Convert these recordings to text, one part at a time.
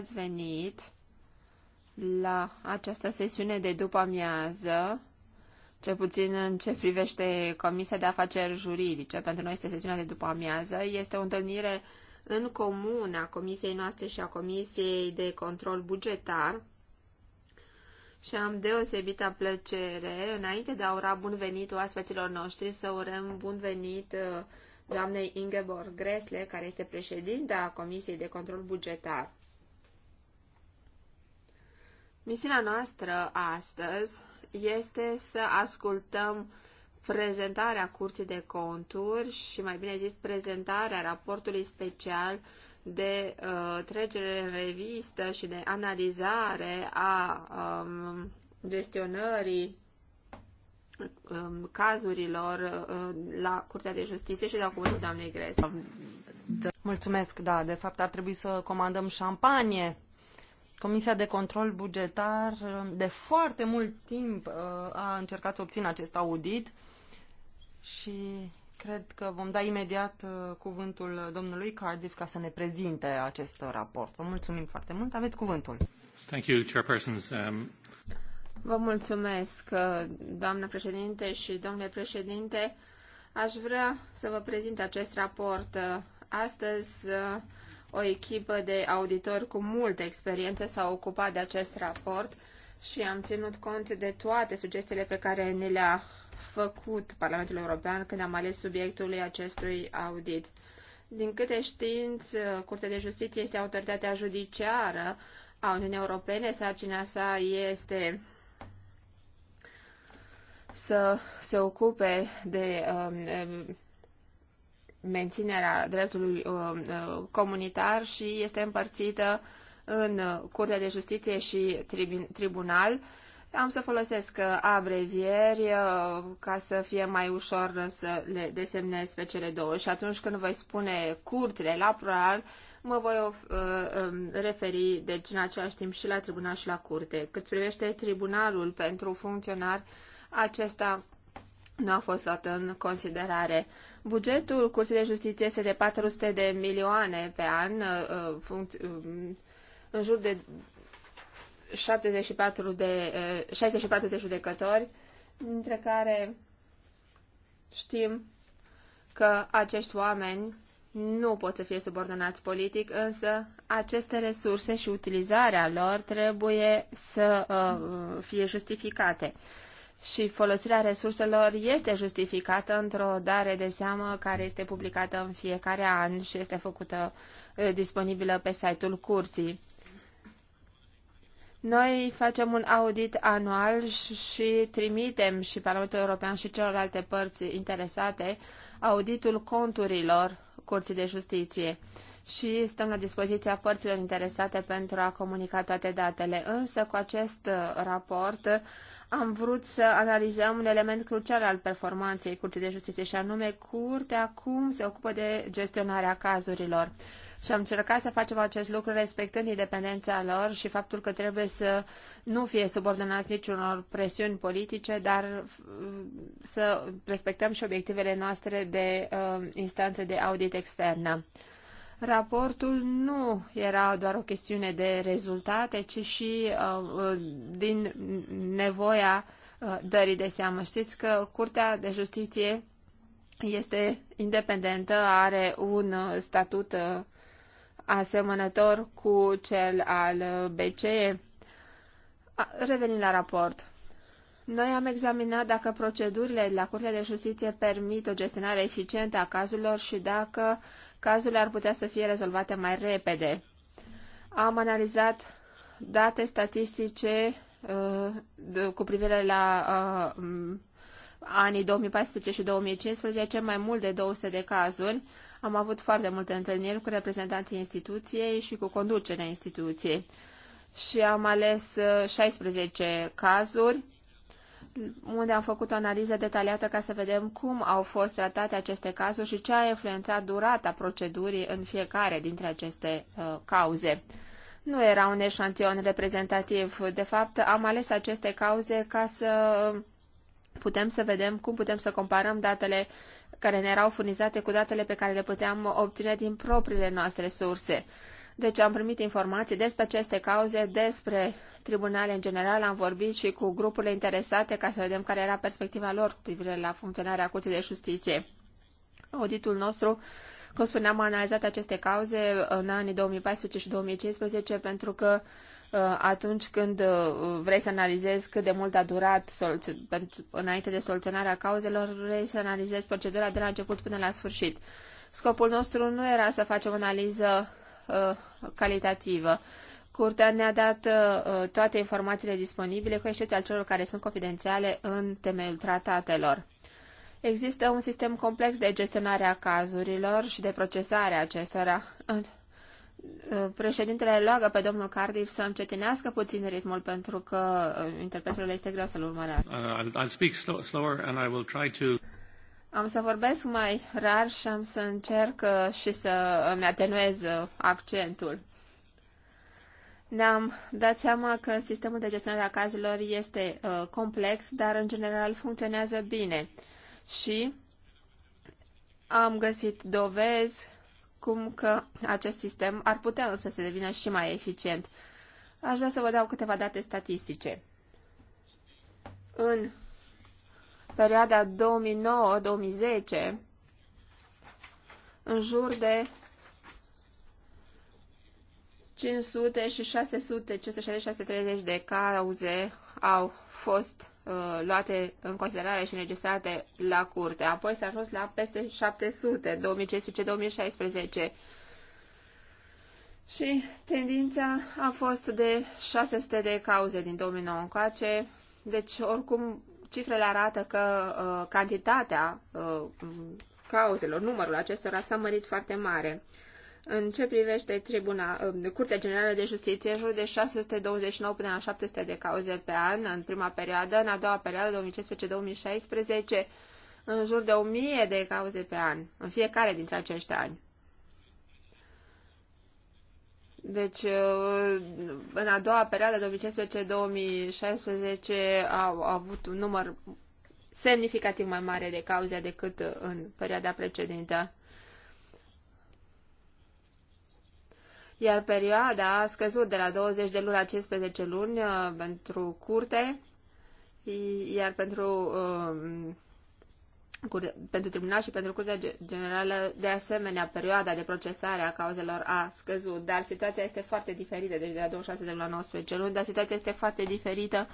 ați venit la această sesiune de după amiază, cel puțin în ce privește Comisia de Afaceri Juridice, pentru noi este sesiunea de după amiază, este o întâlnire în comun a Comisiei noastre și a Comisiei de Control Bugetar și am deosebită plăcere, înainte de a ura bun venit oaspeților noștri, să urăm bun venit uh, doamnei Ingeborg Gresle, care este președinta Comisiei de Control Bugetar. Misiunea noastră astăzi este să ascultăm prezentarea Curții de Conturi și, mai bine zis, prezentarea raportului special de uh, trecere în revistă și de analizare a um, gestionării um, cazurilor uh, la Curtea de Justiție și la Cuvântul doamnei Gres. Mulțumesc, da, de fapt ar trebui să comandăm șampanie Comisia de Control Bugetar uh, de foarte mult timp uh, a încercat să obțină acest audit și cred că vom da imediat uh, cuvântul domnului Cardiff ca să ne prezinte acest raport. Vă mulțumim foarte mult. Aveți cuvântul. Thank you, chairpersons. Um... Vă mulțumesc, doamnă președinte și domnule președinte. Aș vrea să vă prezint acest raport. Astăzi o echipă de auditori cu multă experiență s-a ocupat de acest raport și am ținut cont de toate sugestiile pe care ne le-a făcut Parlamentul European când am ales subiectul acestui audit. Din câte știți, Curtea de Justiție este autoritatea judiciară a Uniunii Europene, sarcina sa este să se ocupe de um, menținerea dreptului uh, uh, comunitar și este împărțită în uh, Curtea de Justiție și Tribunal. Am să folosesc abrevieri ca să fie mai ușor să le desemnez pe cele două și atunci când voi spune curtele la plural, mă voi referi deci în același timp și la tribunal și la curte. Cât privește tribunalul pentru funcționari, acesta nu a fost luat în considerare. Bugetul Curții de Justiție este de 400 de milioane pe an, uh, uh, um, în jur de 74 de, 64 uh, de judecători, dintre care știm că acești oameni nu pot să fie subordonați politic, însă aceste resurse și utilizarea lor trebuie să uh, fie justificate. Uh, și folosirea resurselor este justificată într-o dare de seamă care este publicată în fiecare an și este făcută disponibilă pe site-ul curții. Noi facem un audit anual și trimitem și Parlamentul European și celorlalte părți interesate auditul conturilor Curții de Justiție și stăm la dispoziția părților interesate pentru a comunica toate datele. Însă, cu acest raport am vrut să analizăm un element crucial al performanței Curții de Justiție și anume Curtea cum se ocupă de gestionarea cazurilor. Și am încercat să facem acest lucru respectând independența lor și faptul că trebuie să nu fie subordonați niciunor presiuni politice, dar mm, să respectăm și obiectivele noastre de uh, instanță de audit externă raportul nu era doar o chestiune de rezultate, ci și uh, uh, din nevoia uh, dării de seamă. Știți că Curtea de Justiție este independentă, are un uh, statut uh, asemănător cu cel al uh, BCE. Revenind la raport. Noi am examinat dacă procedurile la Curtea de Justiție permit o gestionare eficientă a cazurilor și dacă cazurile ar putea să fie rezolvate mai repede. Am analizat date statistice uh, cu privire la uh, anii 2014 și 2015, mai mult de 200 de cazuri. Am avut foarte multe întâlniri cu reprezentanții instituției și cu conducerea instituției. Și am ales 16 uh, cazuri unde am făcut o analiză detaliată ca să vedem cum au fost tratate aceste cazuri și ce a influențat durata procedurii în fiecare dintre aceste uh, cauze. Nu era un eșantion reprezentativ. De fapt, am ales aceste cauze ca să putem să vedem cum putem să comparăm datele care ne erau furnizate cu datele pe care le puteam obține din propriile noastre surse. Deci am primit informații despre aceste cauze, despre tribunale în general, am vorbit și cu grupurile interesate ca să vedem care era perspectiva lor cu privire la funcționarea Curții de Justiție. Auditul nostru, cum spuneam, a analizat aceste cauze în anii 2014 și 2015 pentru că uh, atunci când uh, vrei să analizezi cât de mult a durat înainte de soluționarea cauzelor, vrei să analizezi procedura de la început până la sfârșit. Scopul nostru nu era să facem analiză Uh, calitativă. Curtea ne-a dat uh, uh, toate informațiile disponibile, cu excepția celor care sunt confidențiale în temeiul tratatelor. Există un sistem complex de gestionare a cazurilor și de procesare a acestora. Președintele roagă pe domnul Cardiff să încetinească puțin ritmul pentru că interpretul este greu să-l urmărească. Uh, I'll, I'll speak slow, slower and I will try to... Am să vorbesc mai rar și am să încerc uh, și să îmi atenuez uh, accentul. Ne-am dat seama că sistemul de gestionare a cazurilor este uh, complex, dar în general funcționează bine. Și am găsit dovezi cum că acest sistem ar putea însă să devină și mai eficient. Aș vrea să vă dau câteva date statistice. În perioada 2009-2010, în jur de 500 și 600, 560-630 de cauze au fost uh, luate în considerare și înregistrate la curte. Apoi s-a ajuns la peste 700, 2015-2016. Și tendința a fost de 600 de cauze din 2009 încoace, deci oricum Cifrele arată că uh, cantitatea uh, cauzelor, numărul acestora s-a mărit foarte mare. În ce privește tribuna, uh, Curtea Generală de Justiție, în jur de 629 până la 700 de cauze pe an în prima perioadă, în a doua perioadă, 2015-2016, în jur de 1000 de cauze pe an, în fiecare dintre acești ani. Deci, uh, în a doua perioadă, 2015-2016, au avut un număr semnificativ mai mare de cauze decât în perioada precedentă. Iar perioada a scăzut de la 20 de luni la 15 luni uh, pentru curte, iar pentru uh, pentru tribunal și pentru Curtea Generală, de asemenea, perioada de procesare a cauzelor a scăzut, dar situația este foarte diferită, deci de la 26 de la 19 luni, dar situația este foarte diferită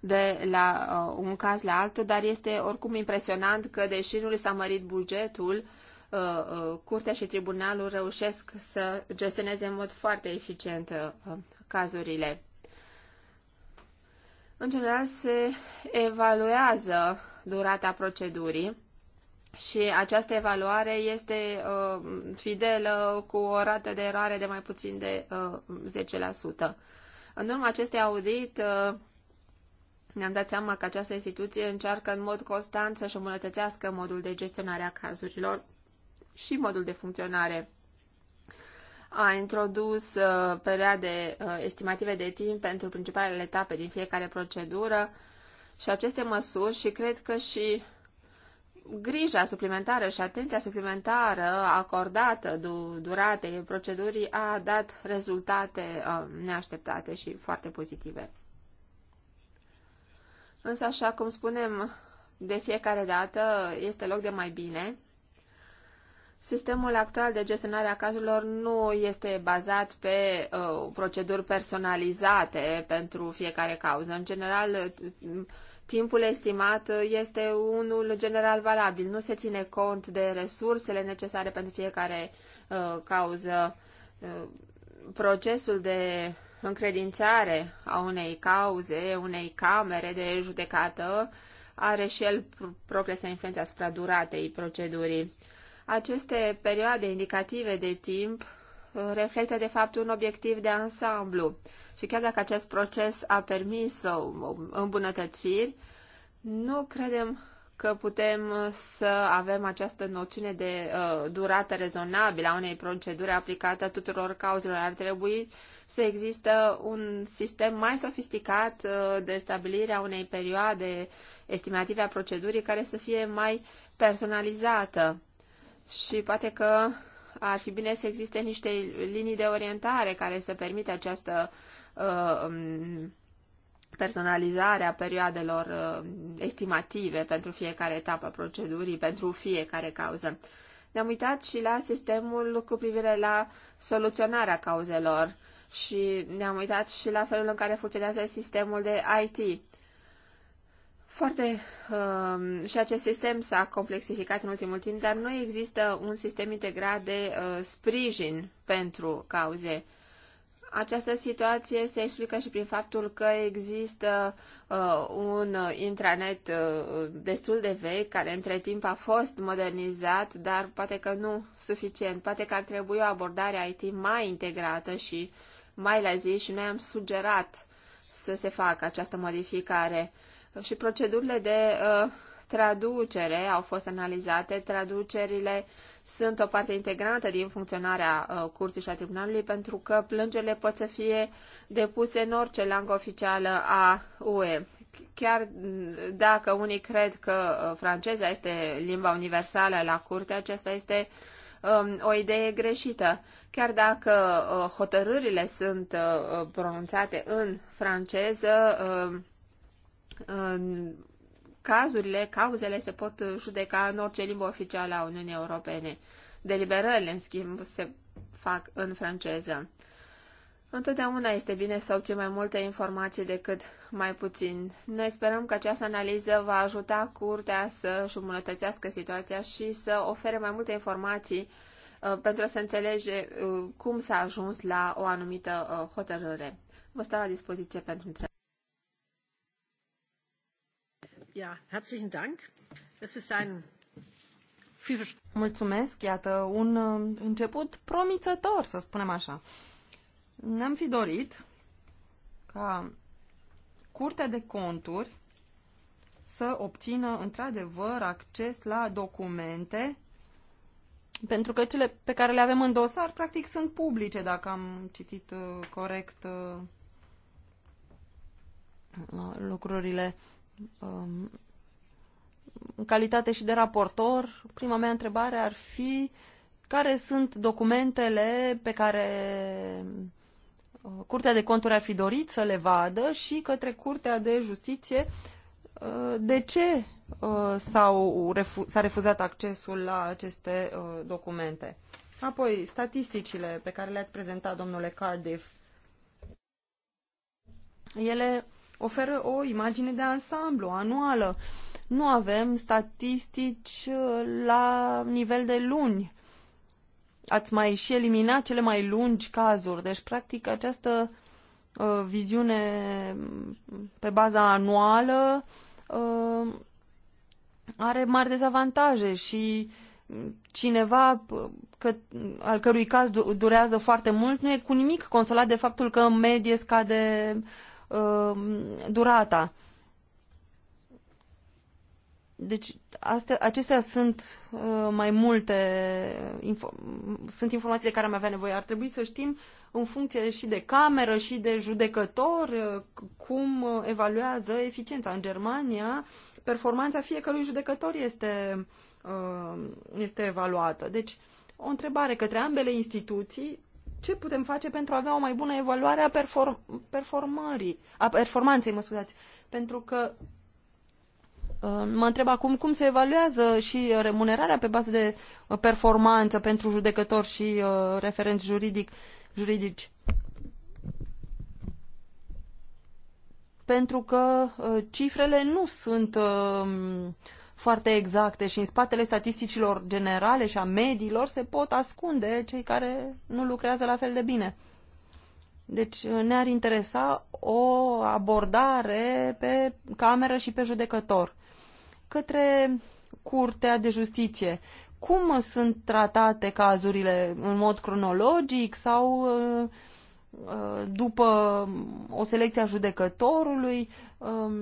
de la uh, un caz la altul, dar este oricum impresionant că, deși nu s-a mărit bugetul, uh, uh, Curtea și Tribunalul reușesc să gestioneze în mod foarte eficient uh, cazurile. În general, se evaluează durata procedurii și această evaluare este uh, fidelă cu o rată de eroare de mai puțin de uh, 10%. În urma acestui audit uh, ne-am dat seama că această instituție încearcă în mod constant să-și îmbunătățească modul de gestionare a cazurilor și modul de funcționare. A introdus uh, perioade uh, estimative de timp pentru principalele etape din fiecare procedură și aceste măsuri și cred că și grija suplimentară și atenția suplimentară acordată du- duratei procedurii a dat rezultate uh, neașteptate și foarte pozitive. Însă, așa cum spunem de fiecare dată, este loc de mai bine. Sistemul actual de gestionare a cazurilor nu este bazat pe uh, proceduri personalizate pentru fiecare cauză. În general, uh, timpul estimat este unul general valabil, nu se ține cont de resursele necesare pentru fiecare uh, cauză. Uh, procesul de încredințare a unei cauze, unei camere de judecată, are și el progresă influența asupra duratei procedurii. Aceste perioade indicative de timp reflectă de fapt un obiectiv de ansamblu. Și chiar dacă acest proces a permis îmbunătățiri, nu credem că putem să avem această noțiune de uh, durată rezonabilă a unei proceduri aplicată tuturor cauzelor. Ar trebui să există un sistem mai sofisticat uh, de stabilire a unei perioade estimative a procedurii care să fie mai personalizată. Și poate că ar fi bine să existe niște linii de orientare care să permită această uh, um, personalizare a perioadelor uh, estimative pentru fiecare etapă a procedurii, pentru fiecare cauză. Ne-am uitat și la sistemul cu privire la soluționarea cauzelor și ne-am uitat și la felul în care funcționează sistemul de IT foarte uh, și acest sistem s-a complexificat în ultimul timp, dar nu există un sistem integrat de uh, sprijin pentru cauze. Această situație se explică și prin faptul că există uh, un intranet uh, destul de vechi, care între timp a fost modernizat, dar poate că nu suficient. Poate că ar trebui o abordare IT mai integrată și mai la zi și noi am sugerat să se facă această modificare și procedurile de uh, traducere au fost analizate. Traducerile sunt o parte integrantă din funcționarea uh, curții și a tribunalului pentru că plângerile pot să fie depuse în orice langă oficială a UE. Chiar dacă unii cred că uh, franceza este limba universală la curte, aceasta este um, o idee greșită. Chiar dacă uh, hotărârile sunt uh, pronunțate în franceză, uh, Cazurile, cauzele se pot judeca în orice limbă oficială a Uniunii Europene. Deliberările, în schimb, se fac în franceză. Întotdeauna este bine să obții mai multe informații decât mai puțin. Noi sperăm că această analiză va ajuta curtea să își îmbunătățească situația și să ofere mai multe informații uh, pentru a se înțelege uh, cum s-a ajuns la o anumită uh, hotărâre. Vă stau la dispoziție pentru întrebări. Mulțumesc, iată, un uh, început promițător, să spunem așa. Ne-am fi dorit ca Curtea de Conturi să obțină într-adevăr acces la documente, pentru că cele pe care le avem în dosar practic sunt publice, dacă am citit uh, corect uh, lucrurile. Um, în calitate și de raportor, prima mea întrebare ar fi care sunt documentele pe care uh, Curtea de Conturi ar fi dorit să le vadă și către Curtea de Justiție uh, de ce uh, s-au refu- s-a refuzat accesul la aceste documente. Apoi, statisticile pe care le-ați prezentat, domnule Cardiff, ele oferă o imagine de ansamblu anuală. Nu avem statistici uh, la nivel de luni. Ați mai și eliminat cele mai lungi cazuri. Deci, practic, această uh, viziune pe baza anuală uh, are mari dezavantaje și cineva că, al cărui caz durează foarte mult nu e cu nimic consolat de faptul că în medie scade Um, durata. Deci astea, acestea sunt uh, mai multe info, sunt informații de care am avea nevoie. Ar trebui să știm în funcție și de cameră și de judecător uh, cum uh, evaluează eficiența. În Germania, performanța fiecărui judecător este, uh, este evaluată. Deci, o întrebare către ambele instituții ce putem face pentru a avea o mai bună evaluare a perform- performării, a performanței, mă scuzați. Pentru că uh, mă întreb acum cum se evaluează și remunerarea pe bază de uh, performanță pentru judecători și uh, referenți juridic, juridici. Pentru că cifrele nu sunt foarte exacte și în spatele statisticilor generale și a mediilor se pot ascunde cei care nu lucrează la fel de bine. Deci uh, ne-ar interesa o abordare pe cameră și pe judecător către Curtea de Justiție. Cum sunt tratate cazurile? În mod cronologic sau uh, uh, după o selecție a judecătorului? Um,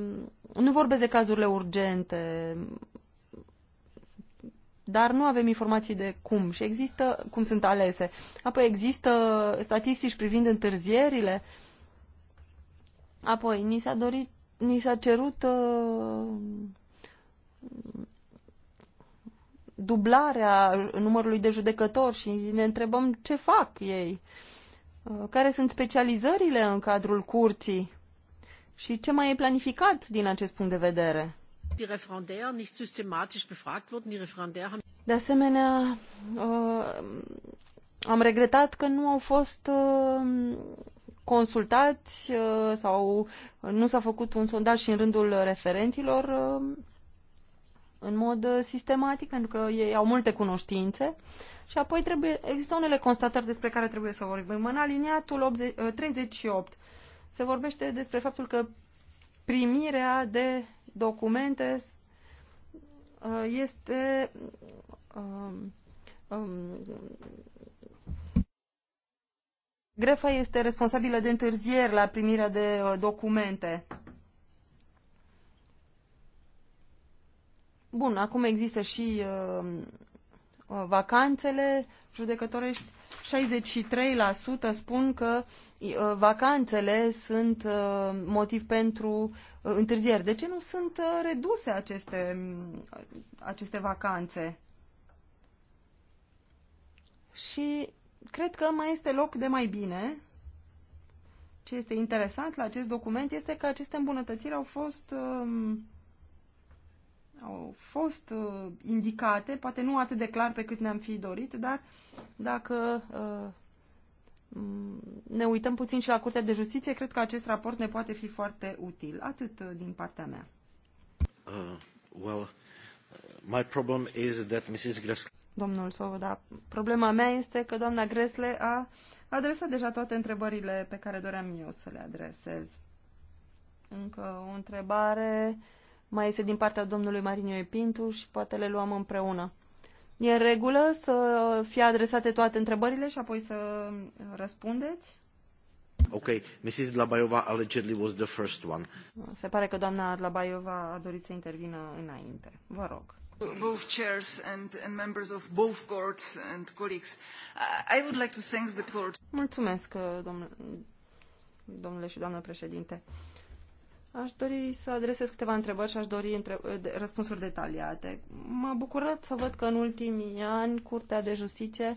nu vorbesc de cazurile urgente, dar nu avem informații de cum și există cum sunt alese. Apoi există statistici privind întârzierile. Apoi ni s-a dorit, ni s-a cerut uh, dublarea numărului de judecători și ne întrebăm ce fac ei, uh, care sunt specializările în cadrul curții și ce mai e planificat din acest punct de vedere. De asemenea, uh, am regretat că nu au fost uh, consultați uh, sau nu s-a făcut un sondaj și în rândul referenților în mod sistematic, pentru că ei au multe cunoștințe. Și apoi trebuie, există unele constatări despre care trebuie să vorbim. În aliniatul 38 se vorbește despre faptul că primirea de documente uh, este um, um, Grefa este responsabilă de întârzieri la primirea de uh, documente. Bun, acum există și uh, vacanțele judecătorești 63% spun că uh, vacanțele sunt uh, motiv pentru uh, întârzieri. De ce nu sunt reduse aceste, mm, aceste vacanțe? Și cred că mai este loc de mai bine. Ce este interesant la acest document este că aceste îmbunătățiri au fost um, au fost uh, indicate, poate nu atât de clar pe cât ne-am fi dorit, dar dacă uh, ne uităm puțin și la Curtea de Justiție, cred că acest raport ne poate fi foarte util. Atât uh, din partea mea. Uh, well, uh, my problem is that Mrs. Gressle... Domnul Sovoda, problema mea este că doamna Gresle a adresat deja toate întrebările pe care doream eu să le adresez. Încă o întrebare uh, mai este din partea domnului Marinio Pintu și poate le luăm împreună. E în regulă să fie adresate toate întrebările și apoi să răspundeți? Ok, Mrs. Dlabaiova allegedly was the first one. Se pare că doamna Dlabaiova a dorit să intervină înainte. Vă rog. Both chairs and, and members of both courts and colleagues, I would like to thank the court. Mulțumesc, domnule, domnule și doamnă președinte. Aș dori să adresez câteva întrebări și aș dori între... răspunsuri detaliate. M-a bucurat să văd că în ultimii ani Curtea de Justiție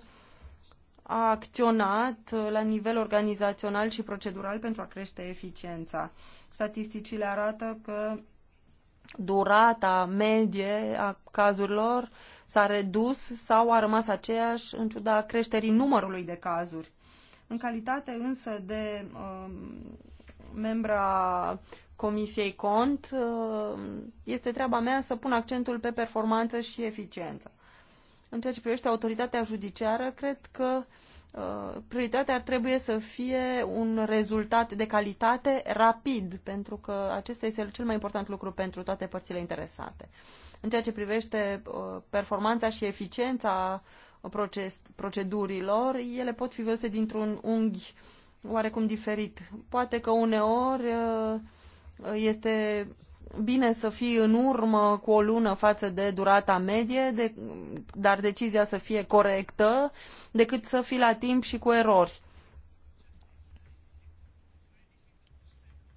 a acționat la nivel organizațional și procedural pentru a crește eficiența. Statisticile arată că durata medie a cazurilor s-a redus sau a rămas aceeași în ciuda creșterii numărului de cazuri. În calitate însă de um, membra Comisiei Cont, uh, este treaba mea să pun accentul pe performanță și eficiență. În ceea ce privește autoritatea judiciară, cred că uh, prioritatea ar trebui să fie un rezultat de calitate rapid, pentru că acesta este cel mai important lucru pentru toate părțile interesate. În ceea ce privește uh, performanța și eficiența proces, procedurilor, ele pot fi văzute dintr-un unghi oarecum diferit. Poate că uneori este bine să fii în urmă cu o lună față de durata medie, de, dar decizia să fie corectă, decât să fii la timp și cu erori.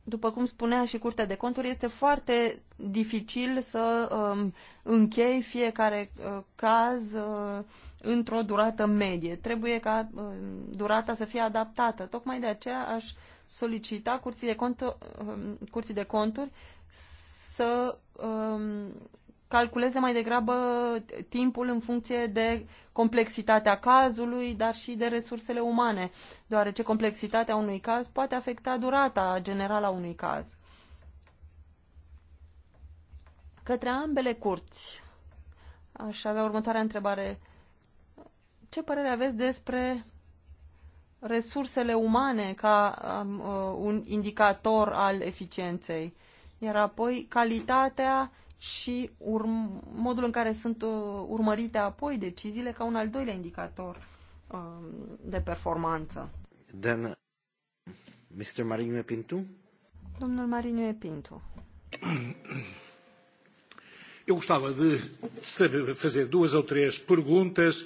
După cum spunea și Curtea de Conturi, este foarte dificil să um, închei fiecare uh, caz uh, într-o durată medie. Trebuie ca uh, durata să fie adaptată. Tocmai de aceea aș uh, solicita curții de, cont, um, curții de conturi să um, calculeze mai degrabă timpul în funcție de complexitatea cazului, dar și de resursele umane, deoarece complexitatea unui caz poate afecta durata generală a unui caz. Către ambele curți, aș avea următoarea întrebare. Ce părere aveți despre resursele umane ca um, uh, un indicator al eficienței, iar apoi calitatea și urm- modul în care sunt uh, urmărite apoi deciziile ca un al doilea indicator um, de performanță. Then, uh, Mr. Marinu Pintu? Domnul Marinu Pintu. Eu gostava de fazer duas ou três perguntas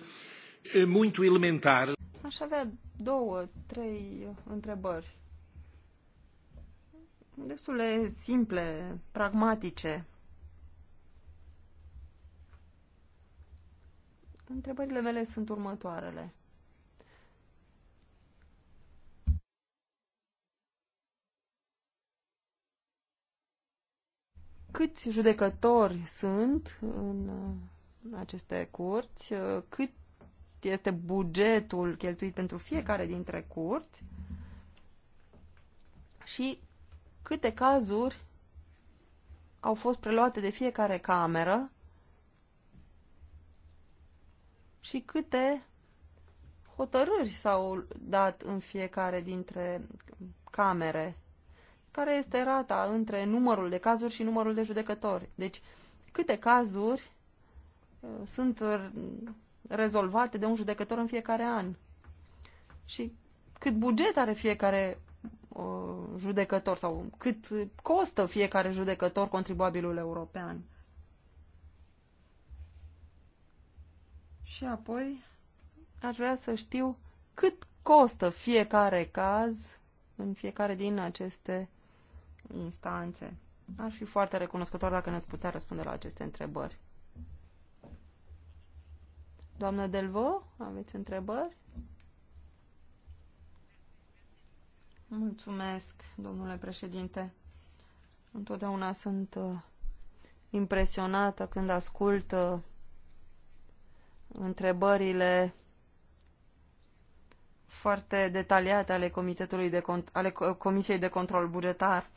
eh, muito elementares. Aș avea două, trei întrebări. Destule simple, pragmatice. Întrebările mele sunt următoarele. Câți judecători sunt în aceste curți? Cât este bugetul cheltuit pentru fiecare dintre curți și câte cazuri au fost preluate de fiecare cameră și câte hotărâri s-au dat în fiecare dintre camere, care este rata între numărul de cazuri și numărul de judecători. Deci, câte cazuri uh, sunt rezolvate de un judecător în fiecare an. Și cât buget are fiecare uh, judecător sau cât costă fiecare judecător contribuabilul european. Și apoi aș vrea să știu cât costă fiecare caz în fiecare din aceste instanțe. Aș fi foarte recunoscător dacă ne-ați putea răspunde la aceste întrebări. Doamnă Delvo, aveți întrebări? Mulțumesc, domnule președinte. Întotdeauna sunt uh, impresionată când ascult uh, întrebările foarte detaliate ale, Comitetului de, ale uh, Comisiei de Control Bugetar.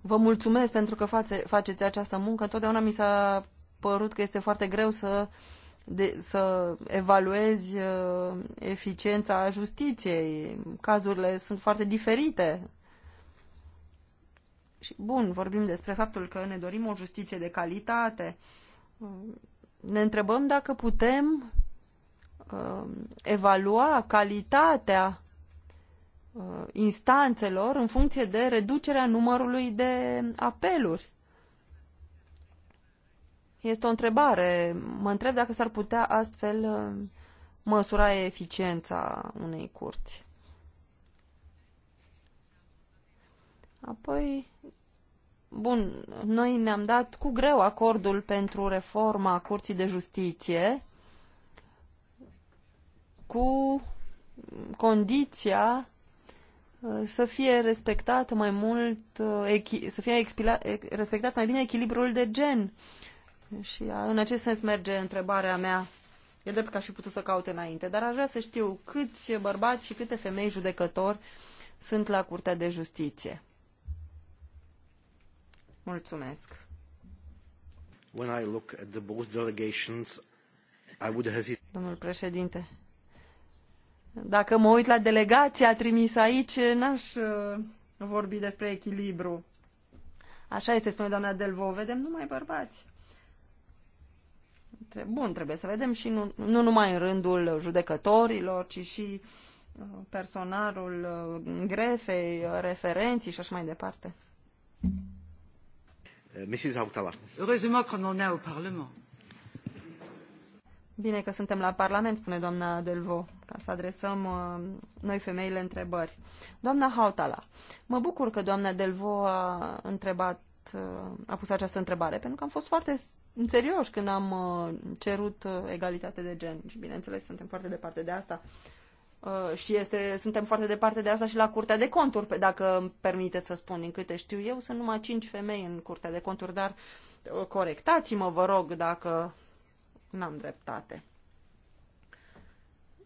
Vă mulțumesc pentru că face, faceți această muncă. Întotdeauna mi s-a părut că este foarte greu să uh, de, să evaluezi uh, eficiența justiției. Cazurile sunt foarte diferite. Și, bun, vorbim despre faptul că ne dorim o justiție de calitate. Ne întrebăm dacă putem uh, evalua calitatea uh, instanțelor în funcție de reducerea numărului de apeluri. Este o întrebare. Mă întreb dacă s-ar putea astfel uh, măsura eficiența unei curți. Apoi, bun, noi ne-am dat cu greu acordul pentru reforma Curții de Justiție cu condiția uh, să fie respectat mai mult, uh, să fie respectat mai bine echilibrul de gen și în acest sens merge întrebarea mea. E drept că aș fi putut să caut înainte, dar aș vrea să știu câți bărbați și câte femei judecători sunt la Curtea de Justiție. Mulțumesc. When I look at the both delegations, I would hesitate. Domnul președinte, dacă mă uit la delegația trimisă aici, n-aș uh, vorbi despre echilibru. Așa este, spune doamna Delvo, vedem numai bărbați. Bun, trebuie să vedem și nu, nu numai în rândul judecătorilor, ci și uh, personalul uh, grefei, uh, referenții și așa mai departe. Eh, Mrs. Hautala. Heureusement qu'on en a au Parlement. Bine că suntem la Parlament, spune doamna Delvo, ca să adresăm uh, noi femeile întrebări. Doamna Hautala, mă bucur că doamna Delvo a întrebat, uh, a pus această întrebare, pentru că am fost foarte serioși când am uh, cerut uh, egalitate de gen și bineînțeles suntem foarte departe de asta uh, și este, suntem foarte departe de asta și la Curtea de Conturi, dacă îmi permiteți să spun din câte știu eu, sunt numai cinci femei în Curtea de Conturi, dar corectați-mă, vă rog, dacă n-am dreptate.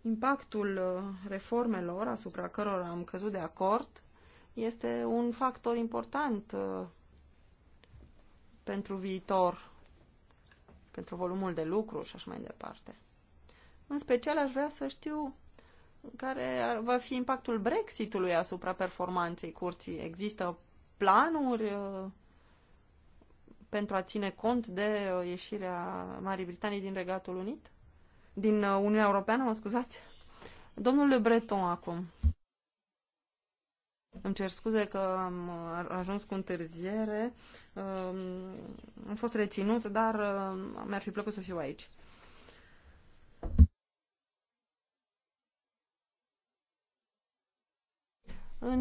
Impactul reformelor asupra cărora am căzut de acord este un factor important pentru viitor pentru volumul de lucru și așa mai departe. În special aș vrea să știu care va fi impactul Brexitului asupra performanței curții. Există planuri uh, pentru a ține cont de uh, ieșirea Marii Britanii din Regatul Unit? Din uh, Uniunea Europeană, mă scuzați? Domnule Breton acum. Îmi cer scuze că am ajuns cu întârziere. Am fost reținut, dar mi-ar fi plăcut să fiu aici.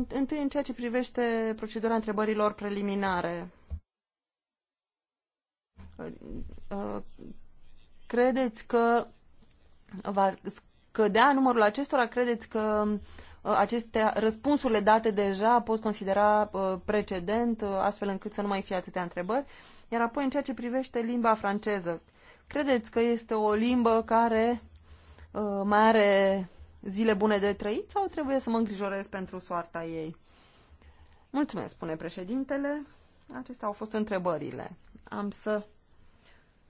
întâi, în ceea ce privește procedura întrebărilor preliminare, ă, credeți că va scădea numărul acestora? Credeți că aceste răspunsurile date deja pot considera uh, precedent, uh, astfel încât să nu mai fie atâtea întrebări. Iar apoi, în ceea ce privește limba franceză, credeți că este o limbă care uh, mai are zile bune de trăit sau trebuie să mă îngrijorez pentru soarta ei? Mulțumesc, spune președintele. Acestea au fost întrebările. Am să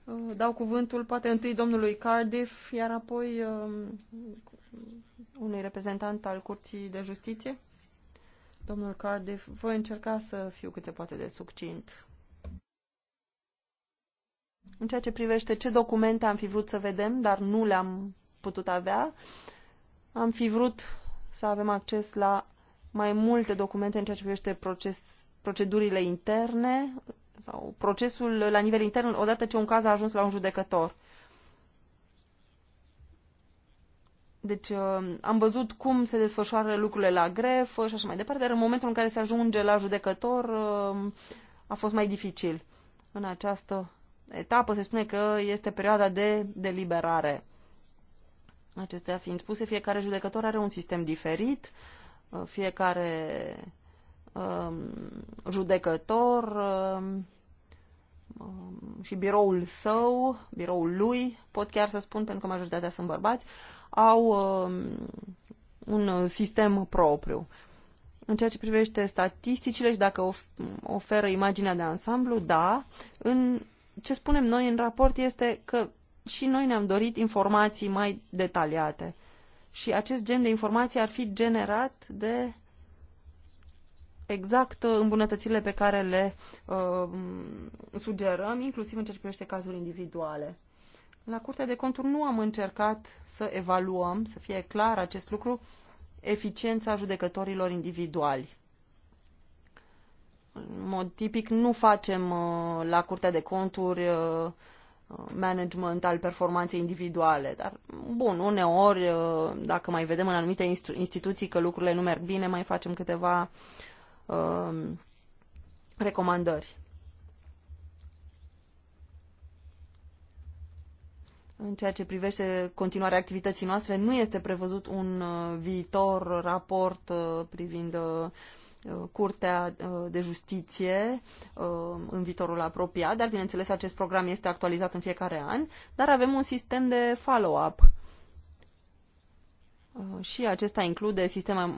Uh, dau cuvântul poate întâi domnului Cardiff, iar apoi um, unui reprezentant al Curții de Justiție. Domnul Cardiff, voi încerca să fiu cât se poate de succint. În ceea ce privește ce documente am fi vrut să vedem, dar nu le-am putut avea, am fi vrut să avem acces la mai multe documente în ceea ce privește proces, procedurile interne sau procesul la nivel intern odată ce un caz a ajuns la un judecător. Deci uh, am văzut cum se desfășoară lucrurile la gref și așa mai departe, dar în momentul în care se ajunge la judecător uh, a fost mai dificil. În această etapă se spune că este perioada de deliberare. Acestea fiind spuse, fiecare judecător are un sistem diferit, uh, fiecare Um, judecător um, um, și biroul său, biroul lui, pot chiar să spun, pentru că majoritatea sunt bărbați, au un sistem propriu. În ceea ce privește statisticile și dacă oferă imaginea de ansamblu, da. În ce spunem noi în raport este că și noi ne-am dorit informații mai detaliate. Și acest gen de informații ar fi generat de exact uh, îmbunătățirile pe care le uh, sugerăm, inclusiv în ce privește cazuri individuale. La Curtea de Conturi nu am încercat să evaluăm, să fie clar acest lucru, eficiența judecătorilor individuali. În mod tipic nu facem uh, la Curtea de Conturi uh, management al performanței individuale. Dar, bun, uneori, uh, dacă mai vedem în anumite instituții că lucrurile nu merg bine, mai facem câteva uh, Um, recomandări. În ceea ce privește continuarea activității noastre, nu este prevăzut un uh, viitor raport uh, privind uh, Curtea de Justiție în viitorul apropiat, dar bineînțeles acest program este actualizat în fiecare an, dar avem un sistem de follow-up Uh, și acesta include sisteme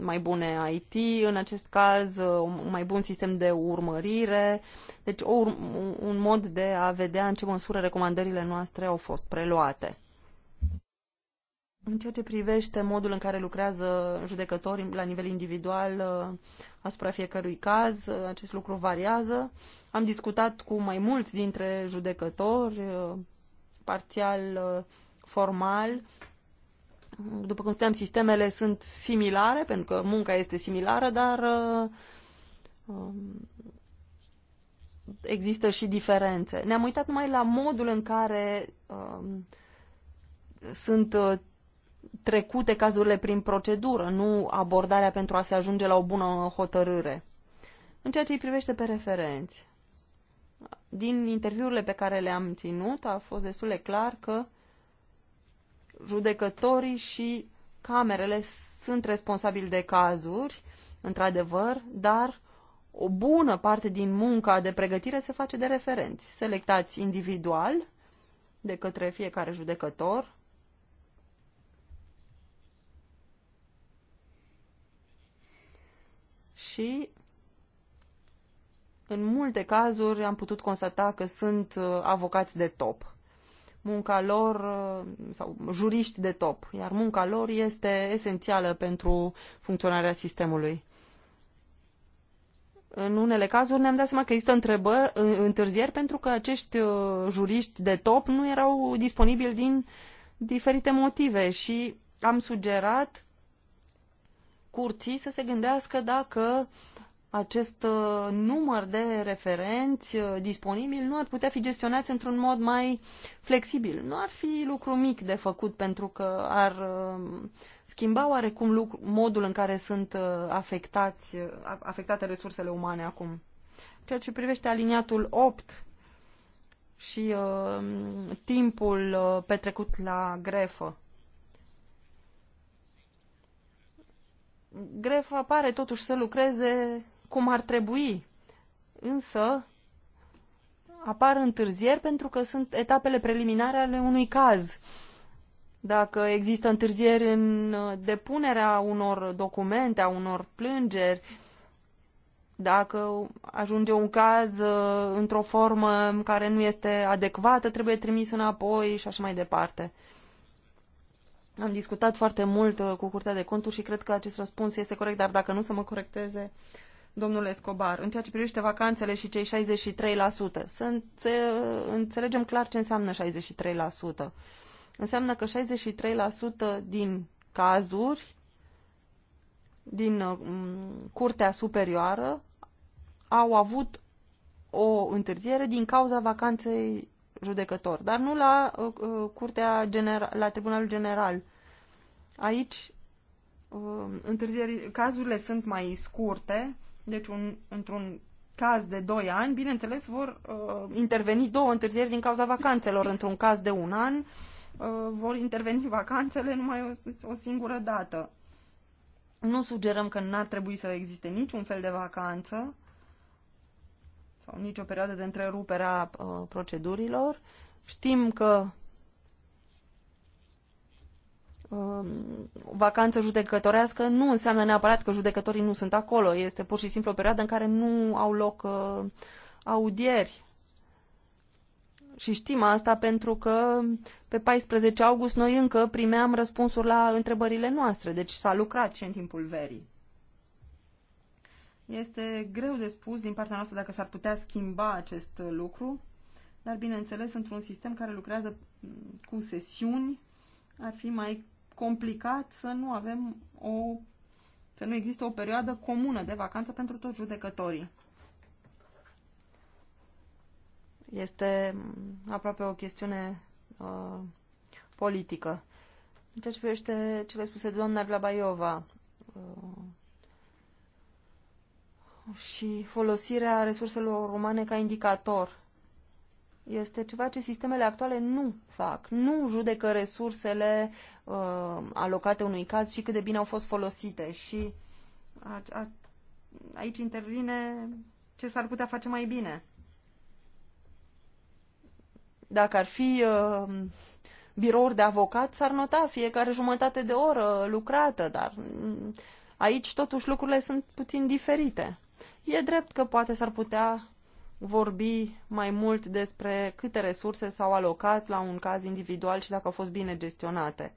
mai bune IT, în acest caz uh, un mai bun sistem de urmărire, deci o, un mod de a vedea în ce măsură recomandările noastre au fost preluate. În ceea ce privește modul în care lucrează judecătorii la nivel individual uh, asupra fiecărui caz, acest lucru variază. Am discutat cu mai mulți dintre judecători, parțial formal, după cum spuneam, sistemele sunt similare, pentru că munca este similară, dar uh, um, există și diferențe. Ne-am uitat numai la modul în care um, sunt uh, trecute cazurile prin procedură, nu abordarea pentru a se ajunge la o bună hotărâre. În ceea ce îi privește pe referenți, din interviurile pe care le-am ținut, a fost destul de clar că uh, judecătorii și camerele sunt responsabili de cazuri, într-adevăr, dar o bună parte din munca de pregătire se face de referenți, selectați individual de către fiecare judecător. Și în multe cazuri am putut constata că sunt uh, avocați de top munca lor uh, sau juriști de top, iar munca lor este esențială pentru funcționarea sistemului. În unele cazuri ne-am dat seama că există întrebă, întârzieri pentru că acești uh, juriști de top nu erau disponibili din diferite motive și am sugerat curții să se gândească dacă acest uh, număr de referenți uh, disponibili nu ar putea fi gestionați într-un mod mai flexibil. Nu ar fi lucru mic de făcut pentru că ar uh, schimba oarecum lucru, modul în care sunt afectați, afectate resursele umane acum. Ceea ce privește aliniatul 8 și uh, timpul petrecut la grefă. Grefa apare totuși să lucreze cum ar trebui. Însă apar întârzieri pentru că sunt etapele preliminare ale unui caz. Dacă există întârzieri în uh, depunerea unor documente, a unor plângeri, dacă ajunge un caz uh, într-o formă care nu este adecvată, trebuie trimis înapoi și așa mai departe. Am discutat foarte mult uh, cu Curtea de Conturi și cred că acest răspuns este corect, dar dacă nu, să mă corecteze domnul Escobar, în ceea ce privește vacanțele și cei 63%. Să înțelegem clar ce înseamnă 63%. Înseamnă că 63% din cazuri din uh, Curtea Superioară au avut o întârziere din cauza vacanței judecător, dar nu la uh, uh, Curtea General, la Tribunalul General. Aici uh, cazurile sunt mai scurte, deci, un, într-un caz de 2 ani, bineînțeles, vor uh, interveni două întârzieri din cauza vacanțelor. Într-un caz de un an, uh, vor interveni vacanțele numai o, o singură dată. Nu sugerăm că n-ar trebui să existe niciun fel de vacanță sau nicio perioadă de întrerupere a uh, procedurilor. Știm că Um, vacanță judecătorească nu înseamnă neapărat că judecătorii nu sunt acolo. Este pur și simplu o perioadă în care nu au loc uh, audieri. Și știm asta pentru că pe 14 august noi încă primeam răspunsuri la întrebările noastre, deci s-a lucrat și în timpul verii. Este greu de spus din partea noastră dacă s-ar putea schimba acest lucru, dar bineînțeles într-un sistem care lucrează mm, cu sesiuni ar fi mai complicat să nu avem o să nu există o perioadă comună de vacanță pentru toți judecătorii. Este aproape o chestiune uh, politică. În ceea ce privește le spuse doamna Glabaiova uh, și folosirea resurselor umane ca indicator, este ceva ce sistemele actuale nu fac. Nu judecă resursele uh, alocate unui caz și cât de bine au fost folosite. Și a, a, aici intervine ce s-ar putea face mai bine. Dacă ar fi uh, birouri de avocat, s-ar nota fiecare jumătate de oră lucrată, dar mm, aici totuși lucrurile sunt puțin diferite. E drept că poate s-ar putea vorbi mai mult despre câte resurse s-au alocat la un caz individual și dacă au fost bine gestionate.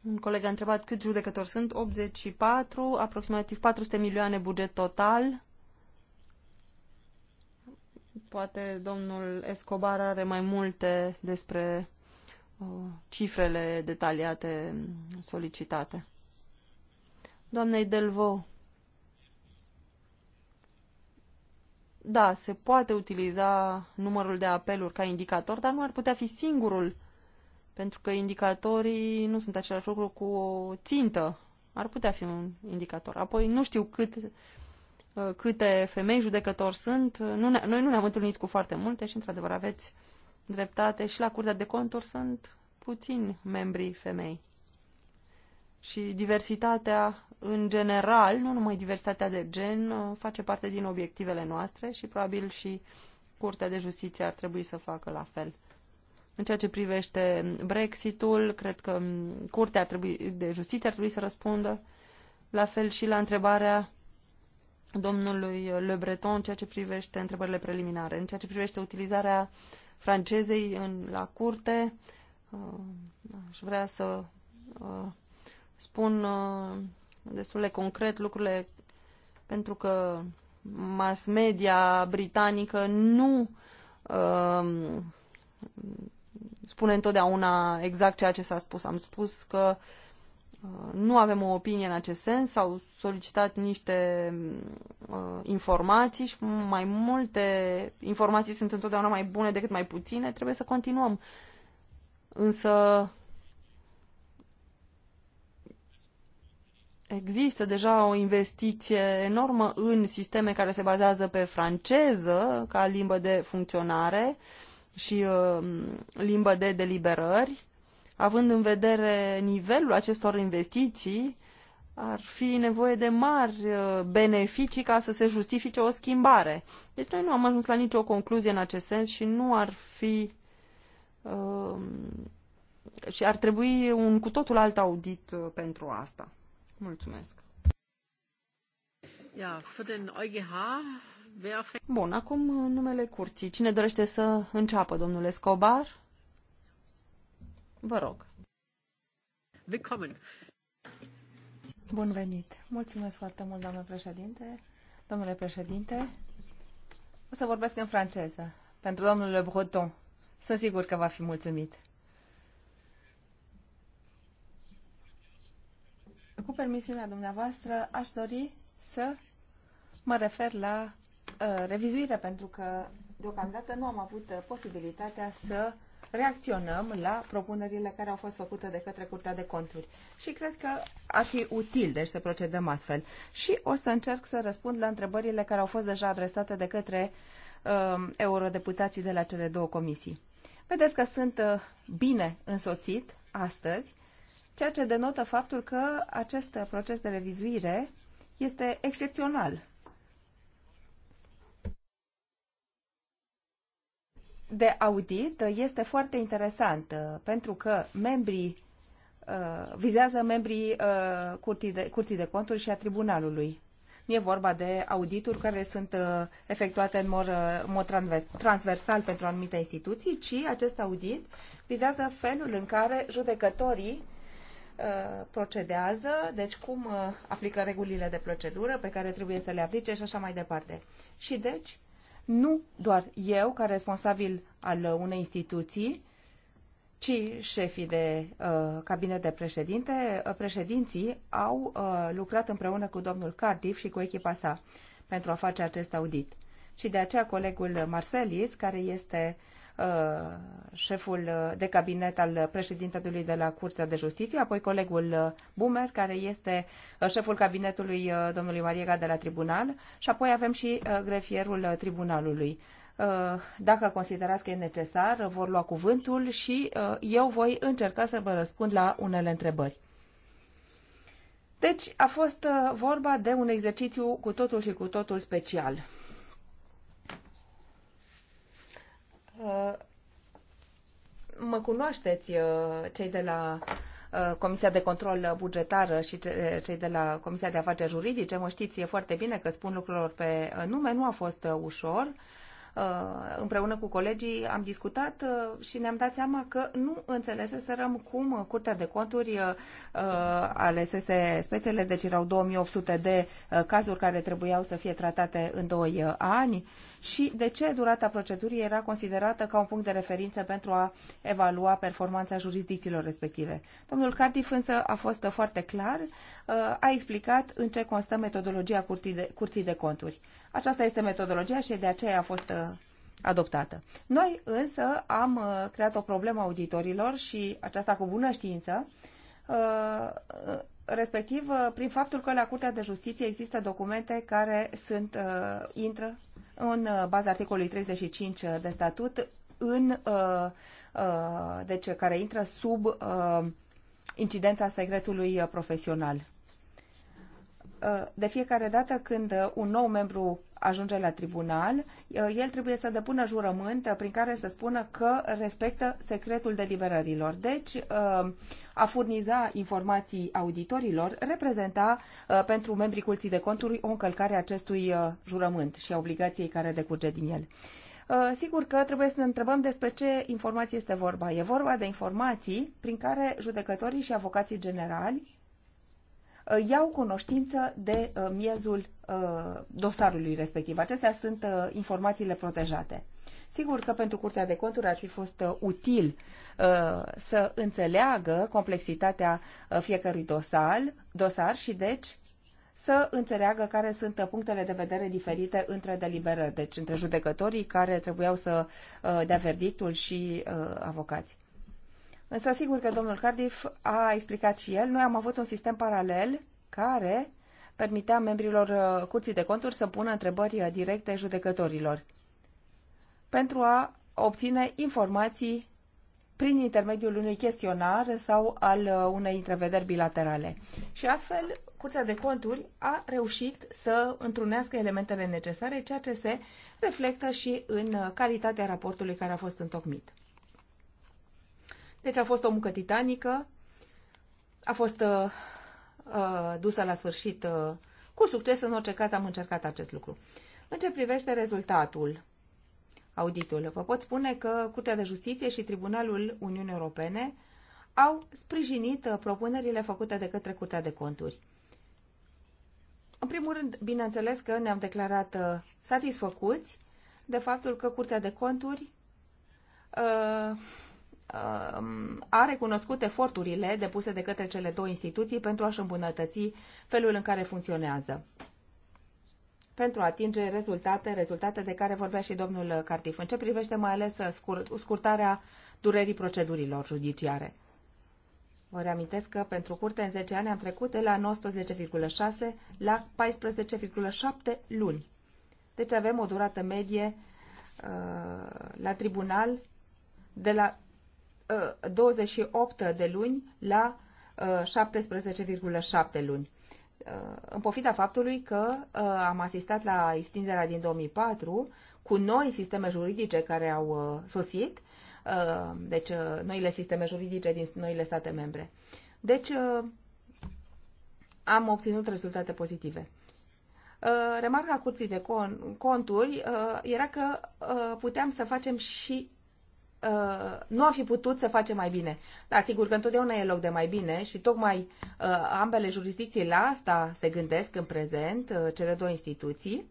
Un coleg a întrebat cât judecători sunt, 84, aproximativ 400 milioane buget total. Poate domnul Escobar are mai multe despre cifrele detaliate solicitate. Doamnei Delvo, da, se poate utiliza numărul de apeluri ca indicator, dar nu ar putea fi singurul, pentru că indicatorii nu sunt același lucru cu o țintă. Ar putea fi un indicator. Apoi nu știu cât, uh, câte femei judecători sunt. Nu ne, noi nu ne-am întâlnit cu foarte multe și, într-adevăr, aveți uh, dreptate și la Curtea de Conturi sunt puțini membrii femei. Și diversitatea în general, nu numai diversitatea de gen, uh, face parte din obiectivele noastre și probabil și Curtea de Justiție ar trebui să facă la fel. În ceea ce privește Brexitul, cred că mm, Curtea ar trebui, de Justiție ar trebui să răspundă la fel și la întrebarea domnului Le Breton în ceea ce privește întrebările preliminare, în ceea ce privește utilizarea uh, francezei în, la curte. Uh, aș vrea să uh, spun uh, destul de concret lucrurile pentru că mass media britanică nu spune întotdeauna exact ceea ce s-a spus. Am spus că uh, Uh, nu avem o opinie în acest sens, au solicitat niște uh, informații și mai multe informații sunt întotdeauna mai bune decât mai puține, trebuie să continuăm. Însă există deja o investiție enormă în sisteme care se bazează pe franceză ca limbă de funcționare și uh, limbă de deliberări având în vedere nivelul acestor investiții, ar fi nevoie de mari uh, beneficii ca să se justifice o schimbare. Deci noi nu am ajuns la nicio concluzie în acest sens și nu ar fi um, și ar trebui un cu totul alt audit uh, pentru asta. Mulțumesc. Bun, acum numele curții. Cine dorește să înceapă, domnule Scobar? Vă rog. Willkommen. Bun venit. Mulțumesc foarte mult, doamnă președinte. Domnule președinte, o să vorbesc în franceză. Pentru domnul Le Breton. Sunt sigur că va fi mulțumit. Cu permisiunea dumneavoastră, aș dori să mă refer la uh, revizuire, pentru că deocamdată nu am avut uh, posibilitatea să uh, reacționăm la propunerile care au fost făcute de către Curtea de Conturi. Și cred că ar fi util, deci, să procedăm astfel. Și o să încerc să răspund la întrebările care au fost deja adresate de către uh, eurodeputații de la cele două comisii. Vedeți că sunt uh, bine însoțit astăzi, ceea ce denotă faptul că acest proces de revizuire este excepțional de audit este foarte interesant uh, pentru că membrii uh, vizează membrii uh, curții de, curții de conturi și a tribunalului. Nu e vorba de audituri care sunt efectuate în mod, mod transversal pentru anumite instituții, ci acest audit vizează felul în care judecătorii procedează, deci cum aplică regulile de procedură pe care trebuie să le aplice și așa mai departe. Și deci nu doar eu, ca responsabil al unei instituții, ci șefii de uh, cabinet de președinte, uh, președinții au uh, lucrat împreună cu domnul Cardiff și cu echipa sa pentru a face acest audit. Și de aceea colegul Marcelis, care este uh, Uh, șeful uh, de cabinet al președintelui de la Curtea de Justiție, apoi colegul uh, Bumer, care este șeful cabinetului domnului Mariega de la tribunal și apoi avem și grefierul tribunalului. Dacă considerați că e necesar, vor lua cuvântul și eu voi încerca să vă răspund la unele întrebări. Deci a fost vorba de un exercițiu cu totul și cu totul special. Uh, mă cunoașteți uh, cei de la uh, Comisia de Control Bugetară și cei de la Comisia de Afaceri Juridice, mă știți foarte bine că spun lucrurilor pe nume, nu a fost ușor. Împreună cu colegii am discutat și ne-am dat seama că nu înțeleseserăm cum Curtea de Conturi alesese spețele, deci erau 2800 de cazuri care trebuiau să fie tratate în 2 ani și de ce durata procedurii era considerată ca un punct de referință pentru a evalua performanța jurisdicțiilor respective. Domnul Cardiff însă a fost foarte clar, uh, a explicat în ce constă metodologia curții de, curții de conturi. Aceasta este metodologia și de aceea a fost uh, adoptată. Noi însă am uh, creat o problemă auditorilor și aceasta cu bună știință, respectiv prin faptul că la Curtea de Justiție există documente care sunt, intră în uh, baza articolului 35 uh, de statut, în, uh, deci, care intră sub incidența secretului profesional de fiecare dată când uh, un nou membru ajunge la tribunal, uh, el trebuie să depună jurământ prin care să spună că respectă secretul deliberărilor. Deci, uh, a furniza informații auditorilor reprezenta pentru membrii Curții de Conturi o încălcare a acestui jurământ și a obligației care decurge din el. Sigur că trebuie să ne întrebăm despre ce informații este vorba. E vorba de informații prin care judecătorii și avocații generali Uh, iau cunoștință de uh, miezul uh, dosarului respectiv. Acestea sunt informațiile protejate. Sigur că pentru Curtea de Conturi ar fi fost util să înțeleagă complexitatea fiecărui dosar, dosar și deci să înțeleagă care sunt punctele de vedere diferite între deliberări, deci între judecătorii care trebuiau să dea verdictul și avocați. Însă sigur că domnul Cardiff a explicat și el, noi am avut un sistem paralel care permitea membrilor uh, curții de conturi să pună întrebări uh, directe judecătorilor pentru a obține informații prin intermediul unui chestionar sau al uh, unei întrevederi bilaterale. Și astfel, Curtea de Conturi a reușit să întrunească elementele necesare, ceea ce se reflectă și în calitatea raportului care a fost întocmit. Deci a fost o muncă titanică, a fost uh, uh, dusă la sfârșit uh, cu succes, în orice caz am încercat acest lucru. În ce privește rezultatul auditul, vă pot spune că Curtea de Justiție și Tribunalul Uniunii Europene au sprijinit uh, propunerile făcute de către Curtea de Conturi. În primul rând, bineînțeles că ne-am declarat uh, satisfăcuți de faptul că Curtea de Conturi uh, Um, a recunoscut eforturile depuse de către cele două instituții pentru a-și îmbunătăți felul în care funcționează pentru a atinge rezultate, rezultate de care vorbea și domnul Cartif, în ce privește mai ales scurtarea durerii procedurilor judiciare. Vă reamintesc că pentru curte în 10 ani am trecut de la 19,6 la 14,7 luni. Deci avem o durată medie uh, la tribunal de la 28 uh, de luni la 17,7 uh, luni. Uh, în pofida faptului că am asistat la extinderea din 2004 cu noi sisteme juridice care au sosit, deci noile sisteme juridice din noile state membre. Deci am obținut rezultate pozitive remarca curții de conturi era că puteam să facem și Uh, nu am fi putut să facem mai bine. Da, sigur că întotdeauna e loc de mai bine și tocmai uh, ambele jurisdicții la asta se gândesc în prezent, uh, cele două instituții.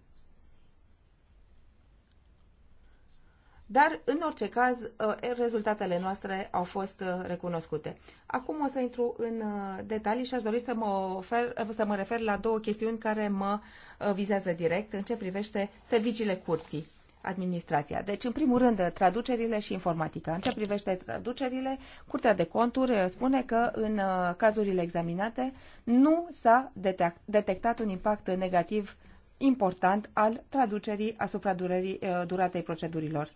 Dar, în orice caz, rezultatele noastre au fost recunoscute. Acum o să intru în detalii și aș dori să mă, ofer, să mă refer la două chestiuni care mă vizează direct în ce privește serviciile curții administrația. Deci, în primul rând, traducerile și informatica. În ce privește traducerile, Curtea de Conturi uh, spune că în uh, cazurile examinate nu s-a detectat un impact negativ important al traducerii asupra durerii, uh, duratei procedurilor.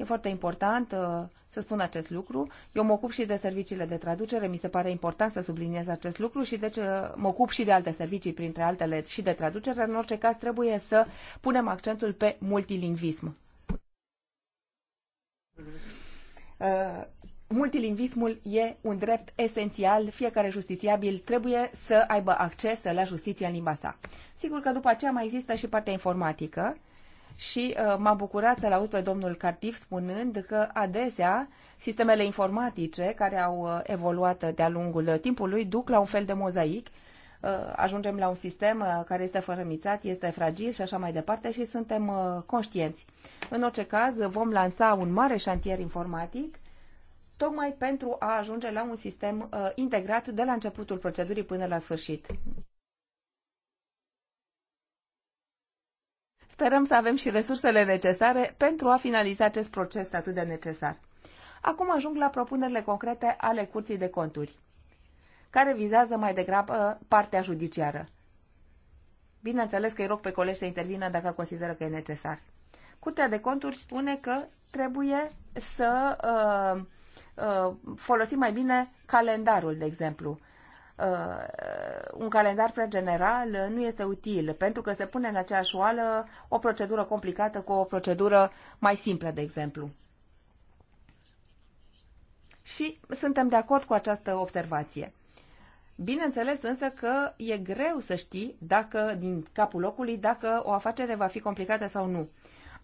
E foarte important uh, să spun acest lucru. Eu mă ocup și de serviciile de traducere, mi se pare important să subliniez acest lucru și deci uh, mă ocup și de alte servicii, printre altele și de traducere. În orice caz trebuie să punem accentul pe multilingvism. Uh, multilingvismul e un drept esențial, fiecare justițiabil trebuie să aibă acces la justiția în limba sa. Sigur că după aceea mai există și partea informatică, și uh, m-a bucurat să-l aud pe domnul Cartif spunând că adesea sistemele informatice care au uh, evoluat de-a lungul timpului duc la un fel de mozaic. Uh, ajungem la un sistem uh, care este fărămițat, este fragil și așa mai departe și suntem uh, conștienți. În orice caz, vom lansa un mare șantier informatic tocmai pentru a ajunge la un sistem uh, integrat de la începutul procedurii până la sfârșit. sperăm să avem și resursele necesare pentru a finaliza acest proces atât de necesar. Acum ajung la propunerile concrete ale Curții de Conturi, care vizează mai degrabă partea judiciară. Bineînțeles că îi rog pe colegi să intervină dacă consideră că e necesar. Curtea de Conturi spune că trebuie să uh, uh, folosim mai bine calendarul, de exemplu. Uh, un calendar prea general nu este util, pentru că se pune în aceeași oală o procedură complicată cu o procedură mai simplă, de exemplu. Și suntem de acord cu această observație. Bineînțeles însă că e greu să știi dacă, din capul locului, dacă o afacere va fi complicată sau nu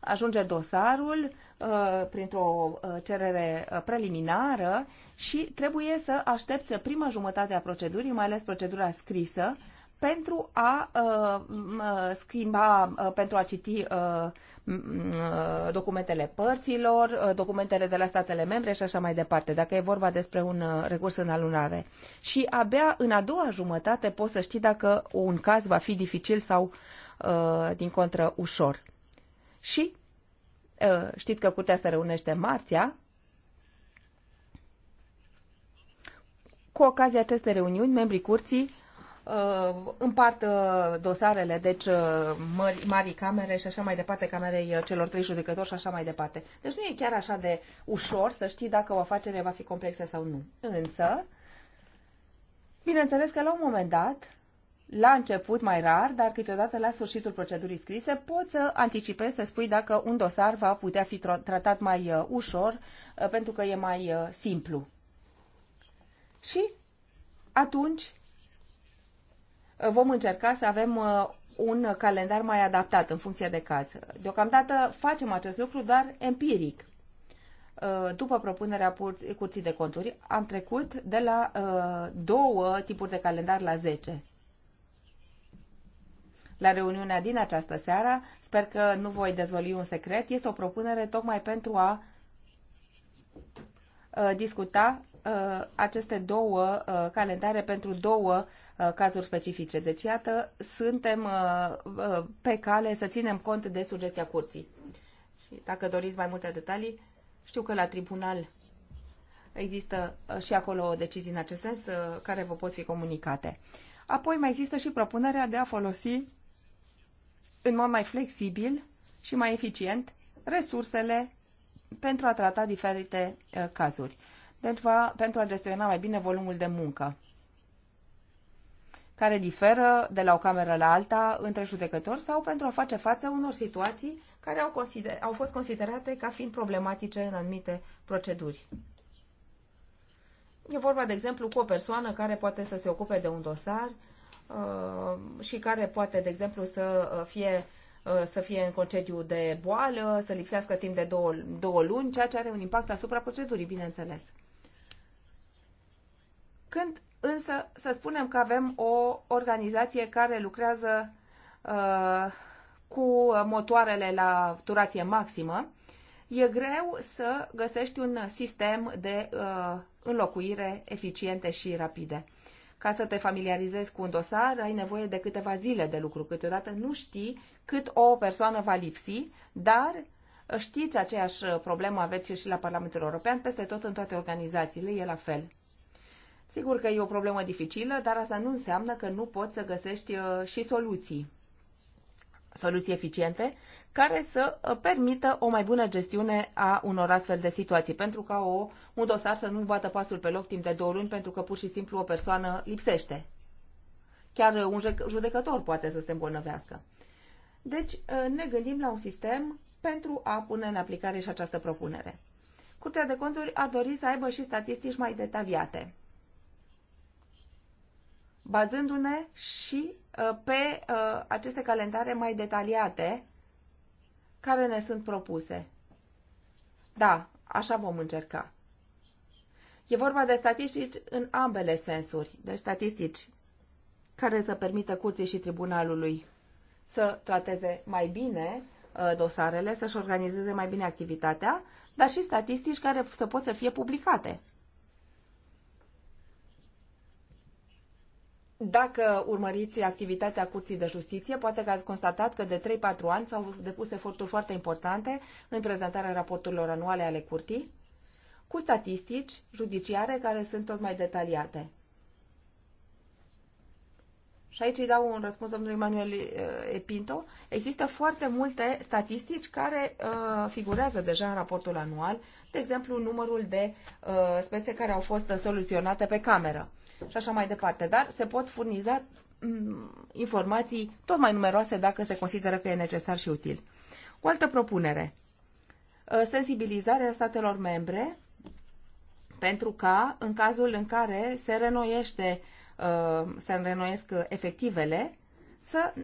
ajunge dosarul uh, printr-o uh, cerere uh, preliminară și trebuie să aștepți prima jumătate a procedurii, mai ales procedura scrisă, pentru a uh, schimba, uh, pentru a citi uh, documentele părților, documentele de la statele membre și așa mai departe, dacă e vorba despre un recurs în alunare. Și abia în a doua jumătate poți să știi dacă un caz va fi dificil sau, din contră, ușor. Și uh, știți că curtea se reunește marțea. Cu ocazia acestei reuniuni, membrii curții uh, împart uh, dosarele, deci mari, mari camere și așa mai departe, camerei celor trei judecători și așa mai departe. Deci nu e chiar așa de ușor să știi dacă o afacere va fi complexă sau nu. Însă, bineînțeles că la un moment dat, la început mai rar, dar câteodată la sfârșitul procedurii scrise, poți să anticipezi, să spui dacă un dosar va putea fi tratat mai uh, ușor, uh, pentru că e mai uh, simplu. Și atunci vom încerca să avem un calendar mai adaptat în funcție de caz. Deocamdată facem acest lucru, dar empiric. După propunerea curții de conturi, am trecut de la două tipuri de calendar la zece la reuniunea din această seară. Sper că nu voi dezvălui un secret. Este o propunere tocmai pentru a discuta aceste două calendare pentru două cazuri specifice. Deci, iată, suntem pe cale să ținem cont de sugestia curții. Și dacă doriți mai multe detalii, știu că la tribunal există și acolo o decizie în acest sens care vă pot fi comunicate. Apoi mai există și propunerea de a folosi în mod mai flexibil și mai eficient resursele pentru a trata diferite uh, cazuri, pentru a, pentru a gestiona mai bine volumul de muncă, care diferă de la o cameră la alta între judecători sau pentru a face față unor situații care au, consider, au fost considerate ca fiind problematice în anumite proceduri. E vorba, de exemplu, cu o persoană care poate să se ocupe de un dosar Uh, și care poate, de exemplu, să uh, fie uh, să fie în concediu de boală, să lipsească timp de două, două luni, ceea ce are un impact asupra procedurii, bineînțeles. Când însă să spunem că avem o organizație care lucrează cu motoarele la turație maximă, e greu să găsești un sistem de uh, înlocuire eficiente și rapide. Ca să te familiarizezi cu un dosar, ai nevoie de câteva zile de lucru. Câteodată nu știi cât o persoană va lipsi, dar uh, știți aceeași uh, problemă aveți și la Parlamentul European, peste tot în toate organizațiile e la fel. Sigur că e o problemă dificilă, dar asta nu înseamnă că nu poți să găsești uh, și soluții soluții eficiente care să uh, permită o mai bună gestiune a unor astfel de situații, pentru ca o, un dosar să nu bată pasul pe loc timp de două luni, pentru că pur și simplu o persoană lipsește. Chiar uh, un judecător poate să se îmbolnăvească. Deci uh, ne gândim la un sistem pentru a pune în aplicare și această propunere. Curtea de conturi ar dori să aibă și statistici mai detaliate, bazându-ne și Uh, pe uh, aceste calendare mai detaliate care ne sunt propuse. Da, așa vom încerca. E vorba de statistici în ambele sensuri, de statistici care să permită curții și tribunalului să trateze mai bine uh, dosarele, să-și organizeze mai bine activitatea, dar și statistici care să pot să fie publicate. Dacă urmăriți activitatea Curții de Justiție, poate că ați constatat că de 3-4 ani s-au depus eforturi foarte importante în prezentarea raporturilor anuale ale Curții, cu statistici judiciare care sunt tot mai detaliate. Și aici îi dau un răspuns domnului Manuel uh, Epinto. Există foarte multe statistici care uh, figurează deja în raportul anual, de exemplu numărul de uh, spețe care au fost soluționate pe cameră. Uh, și așa mai departe. Dar se pot furniza mm, informații tot mai numeroase dacă se consideră că e necesar și util. O altă propunere. Uh, sensibilizarea statelor membre pentru ca, în cazul în care se renoiește, uh, se renoiesc efectivele, să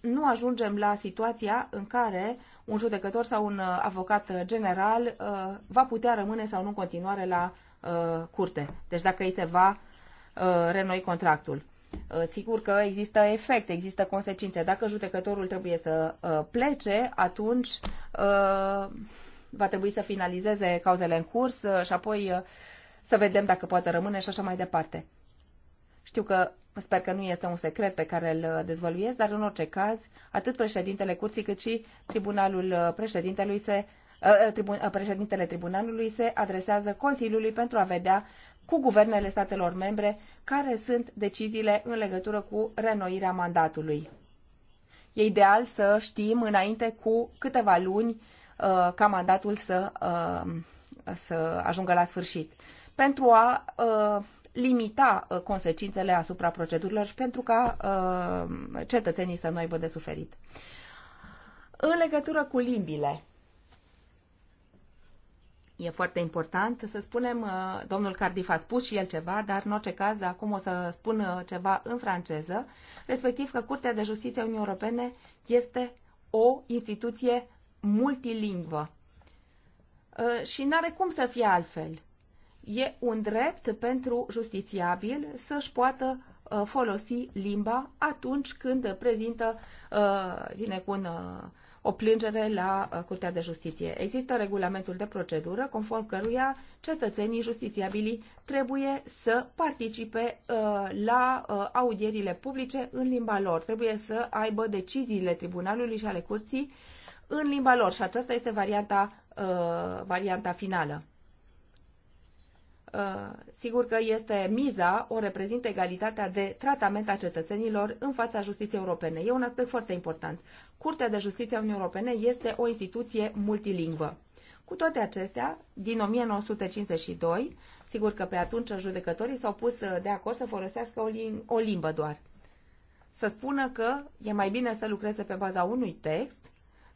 nu ajungem la situația în care un judecător sau un uh, avocat general va putea rămâne sau nu în continuare la curte. Deci dacă îi se va Uh, renoi contractul. Uh, sigur că există efecte, există consecințe. Dacă judecătorul trebuie să uh, plece, atunci va trebui să finalizeze cauzele în curs și apoi să vedem dacă poate rămâne și așa mai departe. Știu că sper că nu este un secret pe care îl dezvăluiesc, dar în orice caz, atât președintele curții cât și tribunalul președintelui se Tribun, președintele tribunalului se adresează Consiliului pentru a vedea cu guvernele statelor membre care sunt deciziile în legătură cu renoirea mandatului. E ideal să știm înainte cu câteva luni uh, ca mandatul să, uh, să ajungă la sfârșit. Pentru a uh, limita consecințele asupra procedurilor și pentru ca cetățenii să nu aibă de suferit. În legătură cu limbile, e foarte important. Să spunem, uh, domnul Cardiff a spus și el ceva, dar în orice caz acum o să spun uh, ceva în franceză, respectiv că Curtea de Justiție a Uniunii Europene este o instituție multilingvă. Uh, și n-are cum să fie altfel. E un drept pentru justițiabil să-și poată folosi limba atunci când prezintă, vine cu un o plângere la uh, Curtea de Justiție. Există regulamentul de procedură conform căruia cetățenii justițiabili trebuie să participe uh, la uh, audierile publice în limba lor. Trebuie să aibă deciziile tribunalului și ale curții în limba lor și aceasta este varianta, varianta finală. Uh, sigur că este miza, o reprezintă egalitatea de tratament a cetățenilor în fața justiției europene. E un aspect foarte important. Curtea de Justiție a Uniunii Europene este o instituție multilingvă. Cu toate acestea, din 1952, sigur că pe atunci judecătorii s-au pus uh, de acord să folosească o, limbă doar. Să spună că e mai bine să lucreze pe baza unui text,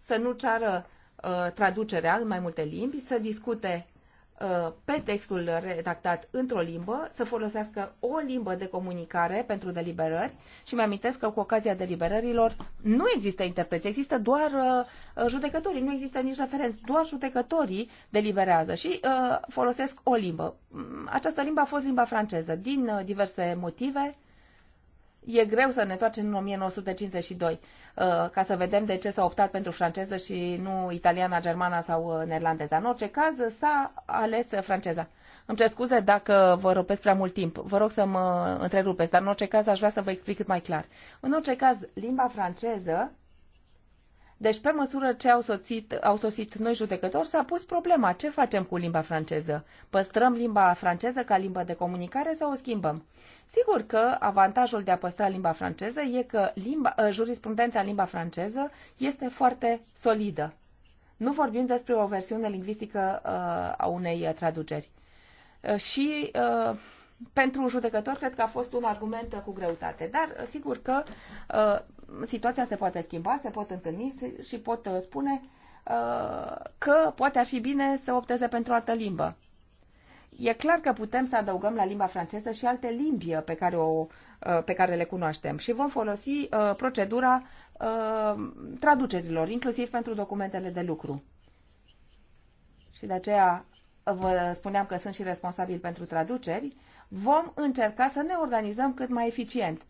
să nu ceară uh, traducerea în mai multe limbi, să discute Uh, pe textul redactat într-o limbă, să folosească o limbă de comunicare pentru deliberări și mi-amintesc că cu ocazia deliberărilor nu există interpreți, există doar uh, uh, judecătorii, nu există nici referenți, doar judecătorii deliberează și folosesc o limbă. Mm, această limbă a fost limba franceză din diverse motive, E greu să ne întoarcem în 1952 uh, ca să vedem de ce s-a optat pentru franceză și nu italiana, germana sau uh, neerlandeza. În orice caz, s-a ales franceza. Îmi cer scuze dacă vă rupesc prea mult timp. Vă rog să mă întrerupeți, dar în orice caz aș vrea să vă explic cât mai clar. În orice caz, limba franceză deci, pe măsură ce au, soțit, au sosit noi judecători, s-a pus problema ce facem cu limba franceză. Păstrăm limba franceză ca limbă de comunicare sau o schimbăm? Sigur că avantajul de a păstra limba franceză e că limba, ă, jurisprudența în limba franceză este foarte solidă. Nu vorbim despre o versiune lingvistică ă, a unei traduceri. Ă, și pentru judecător cred că a fost un argument cu greutate, dar sigur că situația se poate schimba, se pot întâlni și pot uh, spune uh, că poate ar fi bine să opteze pentru altă limbă. E clar că putem să adăugăm la limba franceză și alte limbi uh, pe care, o, pe care le cunoaștem și vom folosi procedura traducerilor, inclusiv pentru documentele de lucru. Și de aceea vă spuneam că sunt și responsabil pentru traduceri, vom încerca să ne organizăm cât mai eficient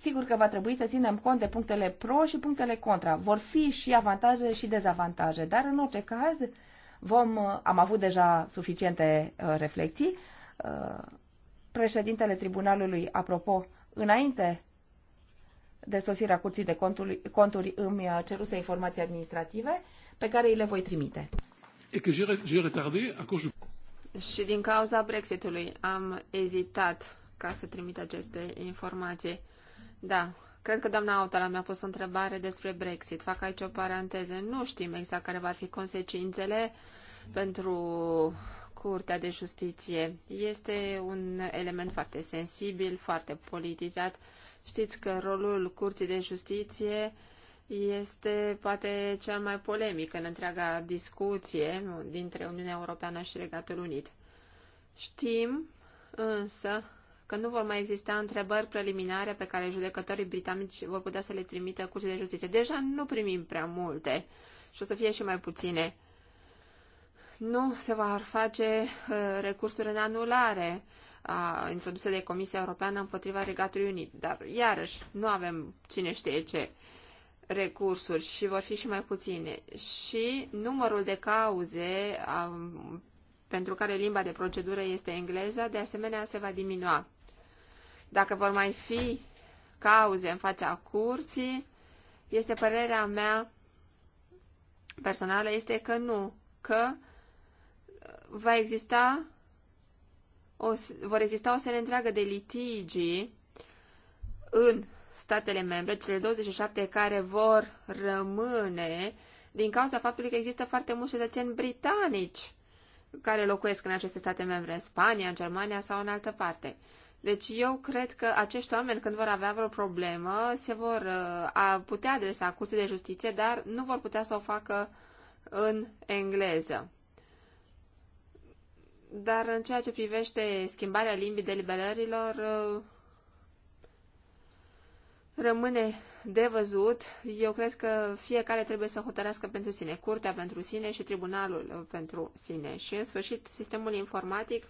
Sigur că va trebui să ținem cont de punctele pro și punctele contra. Vor fi și avantaje și dezavantaje, dar în orice caz vom, am avut deja suficiente uh, reflexii. Uh, președintele tribunalului, apropo, înainte de sosirea curții de conturi, conturi îmi uh, ceruse informații administrative pe care îi le voi trimite. E că j'ai retardé à cause... Și din cauza Brexitului am ezitat ca să trimit aceste informații. Da, cred că doamna Autala mi-a pus o întrebare despre Brexit. Fac aici o paranteză. Nu știm exact care vor fi consecințele pentru Curtea de Justiție. Este un element foarte sensibil, foarte politizat. Știți că rolul Curții de Justiție este poate cel mai polemic în întreaga discuție dintre Uniunea Europeană și Regatul Unit. Știm însă că nu vor mai exista întrebări preliminare pe care judecătorii britanici vor putea să le trimită curții de justiție. Deja nu primim prea multe și o să fie și mai puține. Nu se va face uh, recursuri în anulare a, introduse de Comisia Europeană împotriva Regatului Unit, dar iarăși nu avem cine știe ce recursuri și vor fi și mai puține. Și numărul de cauze um, pentru care limba de procedură este engleza, de asemenea, se va diminua. Dacă vor mai fi cauze în fața curții, este părerea mea personală, este că nu, că uh, va exista o, vor exista o serie întreagă de litigii în statele membre, cele 27 care vor rămâne, din cauza faptului că există foarte mulți cetățeni britanici care locuiesc în aceste state membre, în Spania, în Germania sau în altă parte. Deci eu cred că acești oameni, când vor avea vreo problemă, se vor uh, a putea adresa curții de justiție, dar nu vor putea să o facă în engleză. Dar în ceea ce privește schimbarea limbii deliberărilor, uh, rămâne de văzut. Eu cred că fiecare trebuie să hotărească pentru sine, curtea pentru sine și tribunalul uh, pentru sine. Și, în sfârșit, sistemul informatic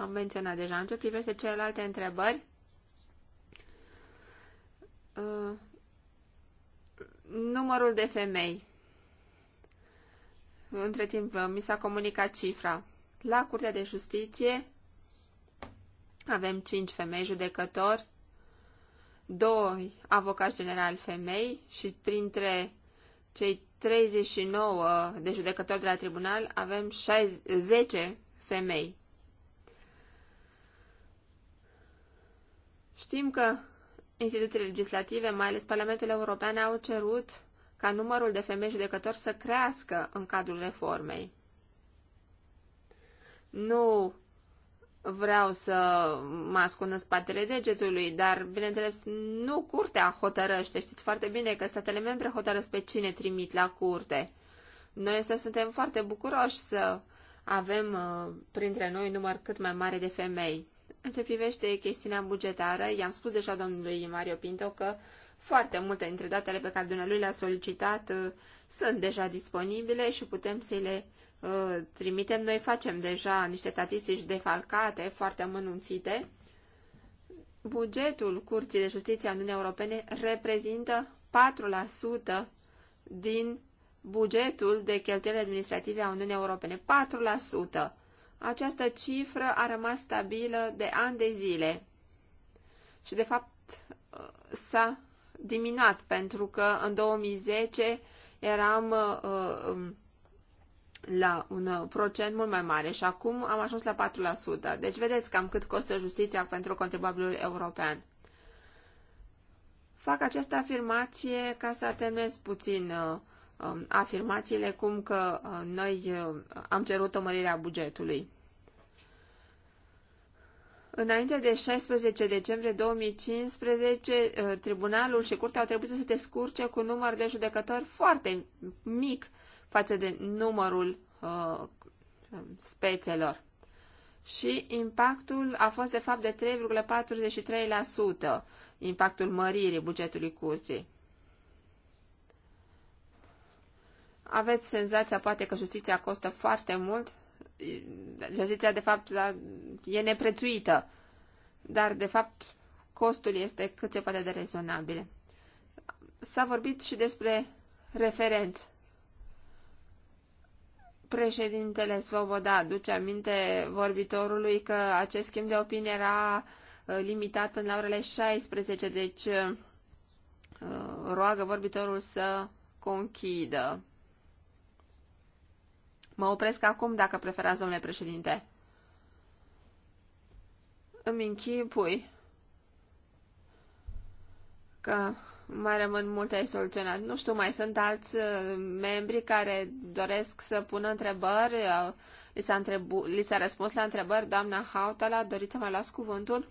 am menționat deja. În ce privește celelalte întrebări, uh, numărul de femei. Între timp, uh, mi s-a comunicat cifra. La Curtea de Justiție avem 5 femei judecători, 2 avocați generali femei și printre cei 39 de judecători de la tribunal avem 60, 10 femei. Știm că instituțiile legislative, mai ales Parlamentul European, au cerut ca numărul de femei judecători să crească în cadrul reformei. Nu vreau să mă ascund în spatele degetului, dar, bineînțeles, nu curtea hotărăște. Știți foarte bine că statele membre hotărăsc pe cine trimit la curte. Noi să suntem foarte bucuroși să avem uh, printre noi număr cât mai mare de femei. În ce privește chestiunea bugetară, i-am spus deja domnului Mario Pinto că foarte multe dintre datele pe care dumnealui le-a solicitat uh, sunt deja disponibile și putem să le uh, trimitem. Noi facem deja niște statistici defalcate, foarte amănunțite. Bugetul Curții de Justiție a Uniunii Europene reprezintă 4% din bugetul de cheltuieli administrative a Uniunii Europene. Această cifră a rămas stabilă de ani de zile și, de fapt, s-a diminuat pentru că în 2010 eram uh, um, la un uh, procent mult mai mare și acum am ajuns la 4%. Deci vedeți cam cât costă justiția pentru contribuabilul european. Fac această afirmație ca să atemez puțin uh, Um, afirmațiile cum că uh, noi uh, am cerut o mărire a bugetului. Înainte de 16 decembrie 2015, uh, tribunalul și curtea au trebuit să se descurce cu număr de judecători foarte mic față de numărul uh, spețelor. Și impactul a fost de fapt de 3,43%, impactul măririi bugetului curții. aveți senzația poate că justiția costă foarte mult, justiția de fapt da, e neprețuită, dar de fapt costul este cât se poate de rezonabil. S-a vorbit și despre referent. Președintele Svoboda aduce aminte vorbitorului că acest schimb de opinie era uh, limitat până la orele 16, deci uh, roagă vorbitorul să conchidă. Mă opresc acum dacă preferați, domnule președinte. Îmi închipui că mai rămân multe soluționat. Nu știu, mai sunt alți uh, membri care doresc să pună întrebări. Uh, li s-a, întrebu- li s-a răspuns la întrebări. Doamna Hautala, doriți să mai luați cuvântul?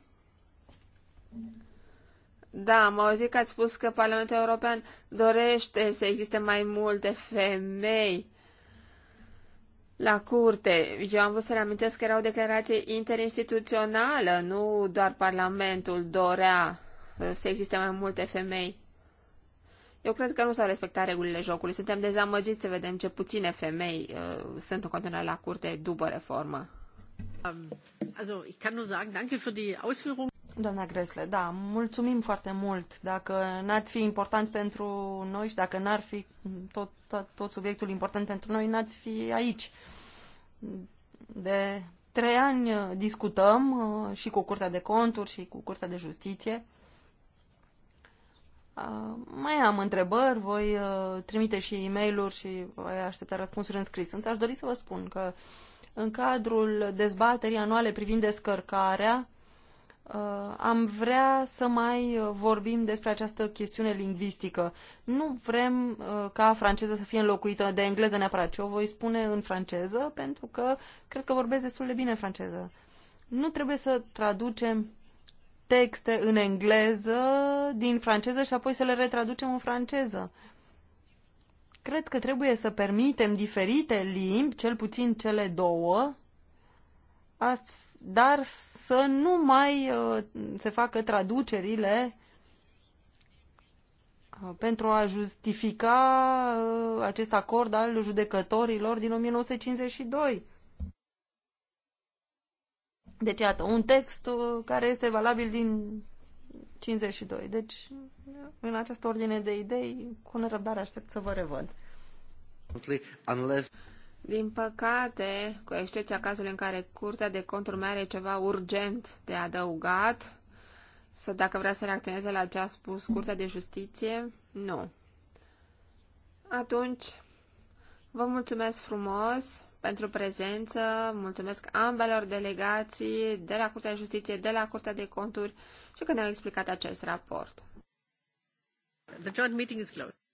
Da, am auzit că ați spus că Parlamentul European dorește să existe mai multe femei la curte. Eu am vrut să reamintesc că era o declarație interinstituțională, nu doar Parlamentul dorea uh, să existe mai multe femei. Eu cred că nu s-au respectat regulile jocului. Suntem dezamăgiți să vedem ce puține femei uh, sunt în continuare la curte după reformă. Um, Doamna Gresle, da, mulțumim foarte mult. Dacă n-ați fi important pentru noi și dacă n-ar fi tot, tot, tot subiectul important pentru noi, n-ați fi aici. De trei ani discutăm uh, și cu Curtea de Conturi și cu Curtea de Justiție. Uh, mai am întrebări, voi uh, trimite și e mail și voi aștepta răspunsuri în scris. Însă aș dori să vă spun că în cadrul dezbaterii anuale privind descărcarea, Uh, am vrea să mai uh, vorbim despre această chestiune lingvistică. Nu vrem uh, ca franceza să fie înlocuită de engleză neapărat, ci o voi spune în franceză, pentru că cred că vorbesc destul de bine franceză. Nu trebuie să traducem texte în engleză din franceză și apoi să le retraducem în franceză. Cred că trebuie să permitem diferite limbi, cel puțin cele două, astfel dar să nu mai uh, se facă traducerile uh, pentru a justifica uh, acest acord al judecătorilor din 1952. Deci, iată, un text care este valabil din 52. Deci, în această ordine de idei, cu nerăbdare aștept să vă revăd. Unless... Din păcate, cu excepția cazului în care Curtea de Conturi mai are ceva urgent de adăugat, să dacă vrea să reacționeze la ce a spus Curtea de Justiție, nu. Atunci, vă mulțumesc frumos pentru prezență, mulțumesc ambelor delegații de la Curtea de Justiție, de la Curtea de Conturi și că ne-au explicat acest raport. The joint meeting is closed.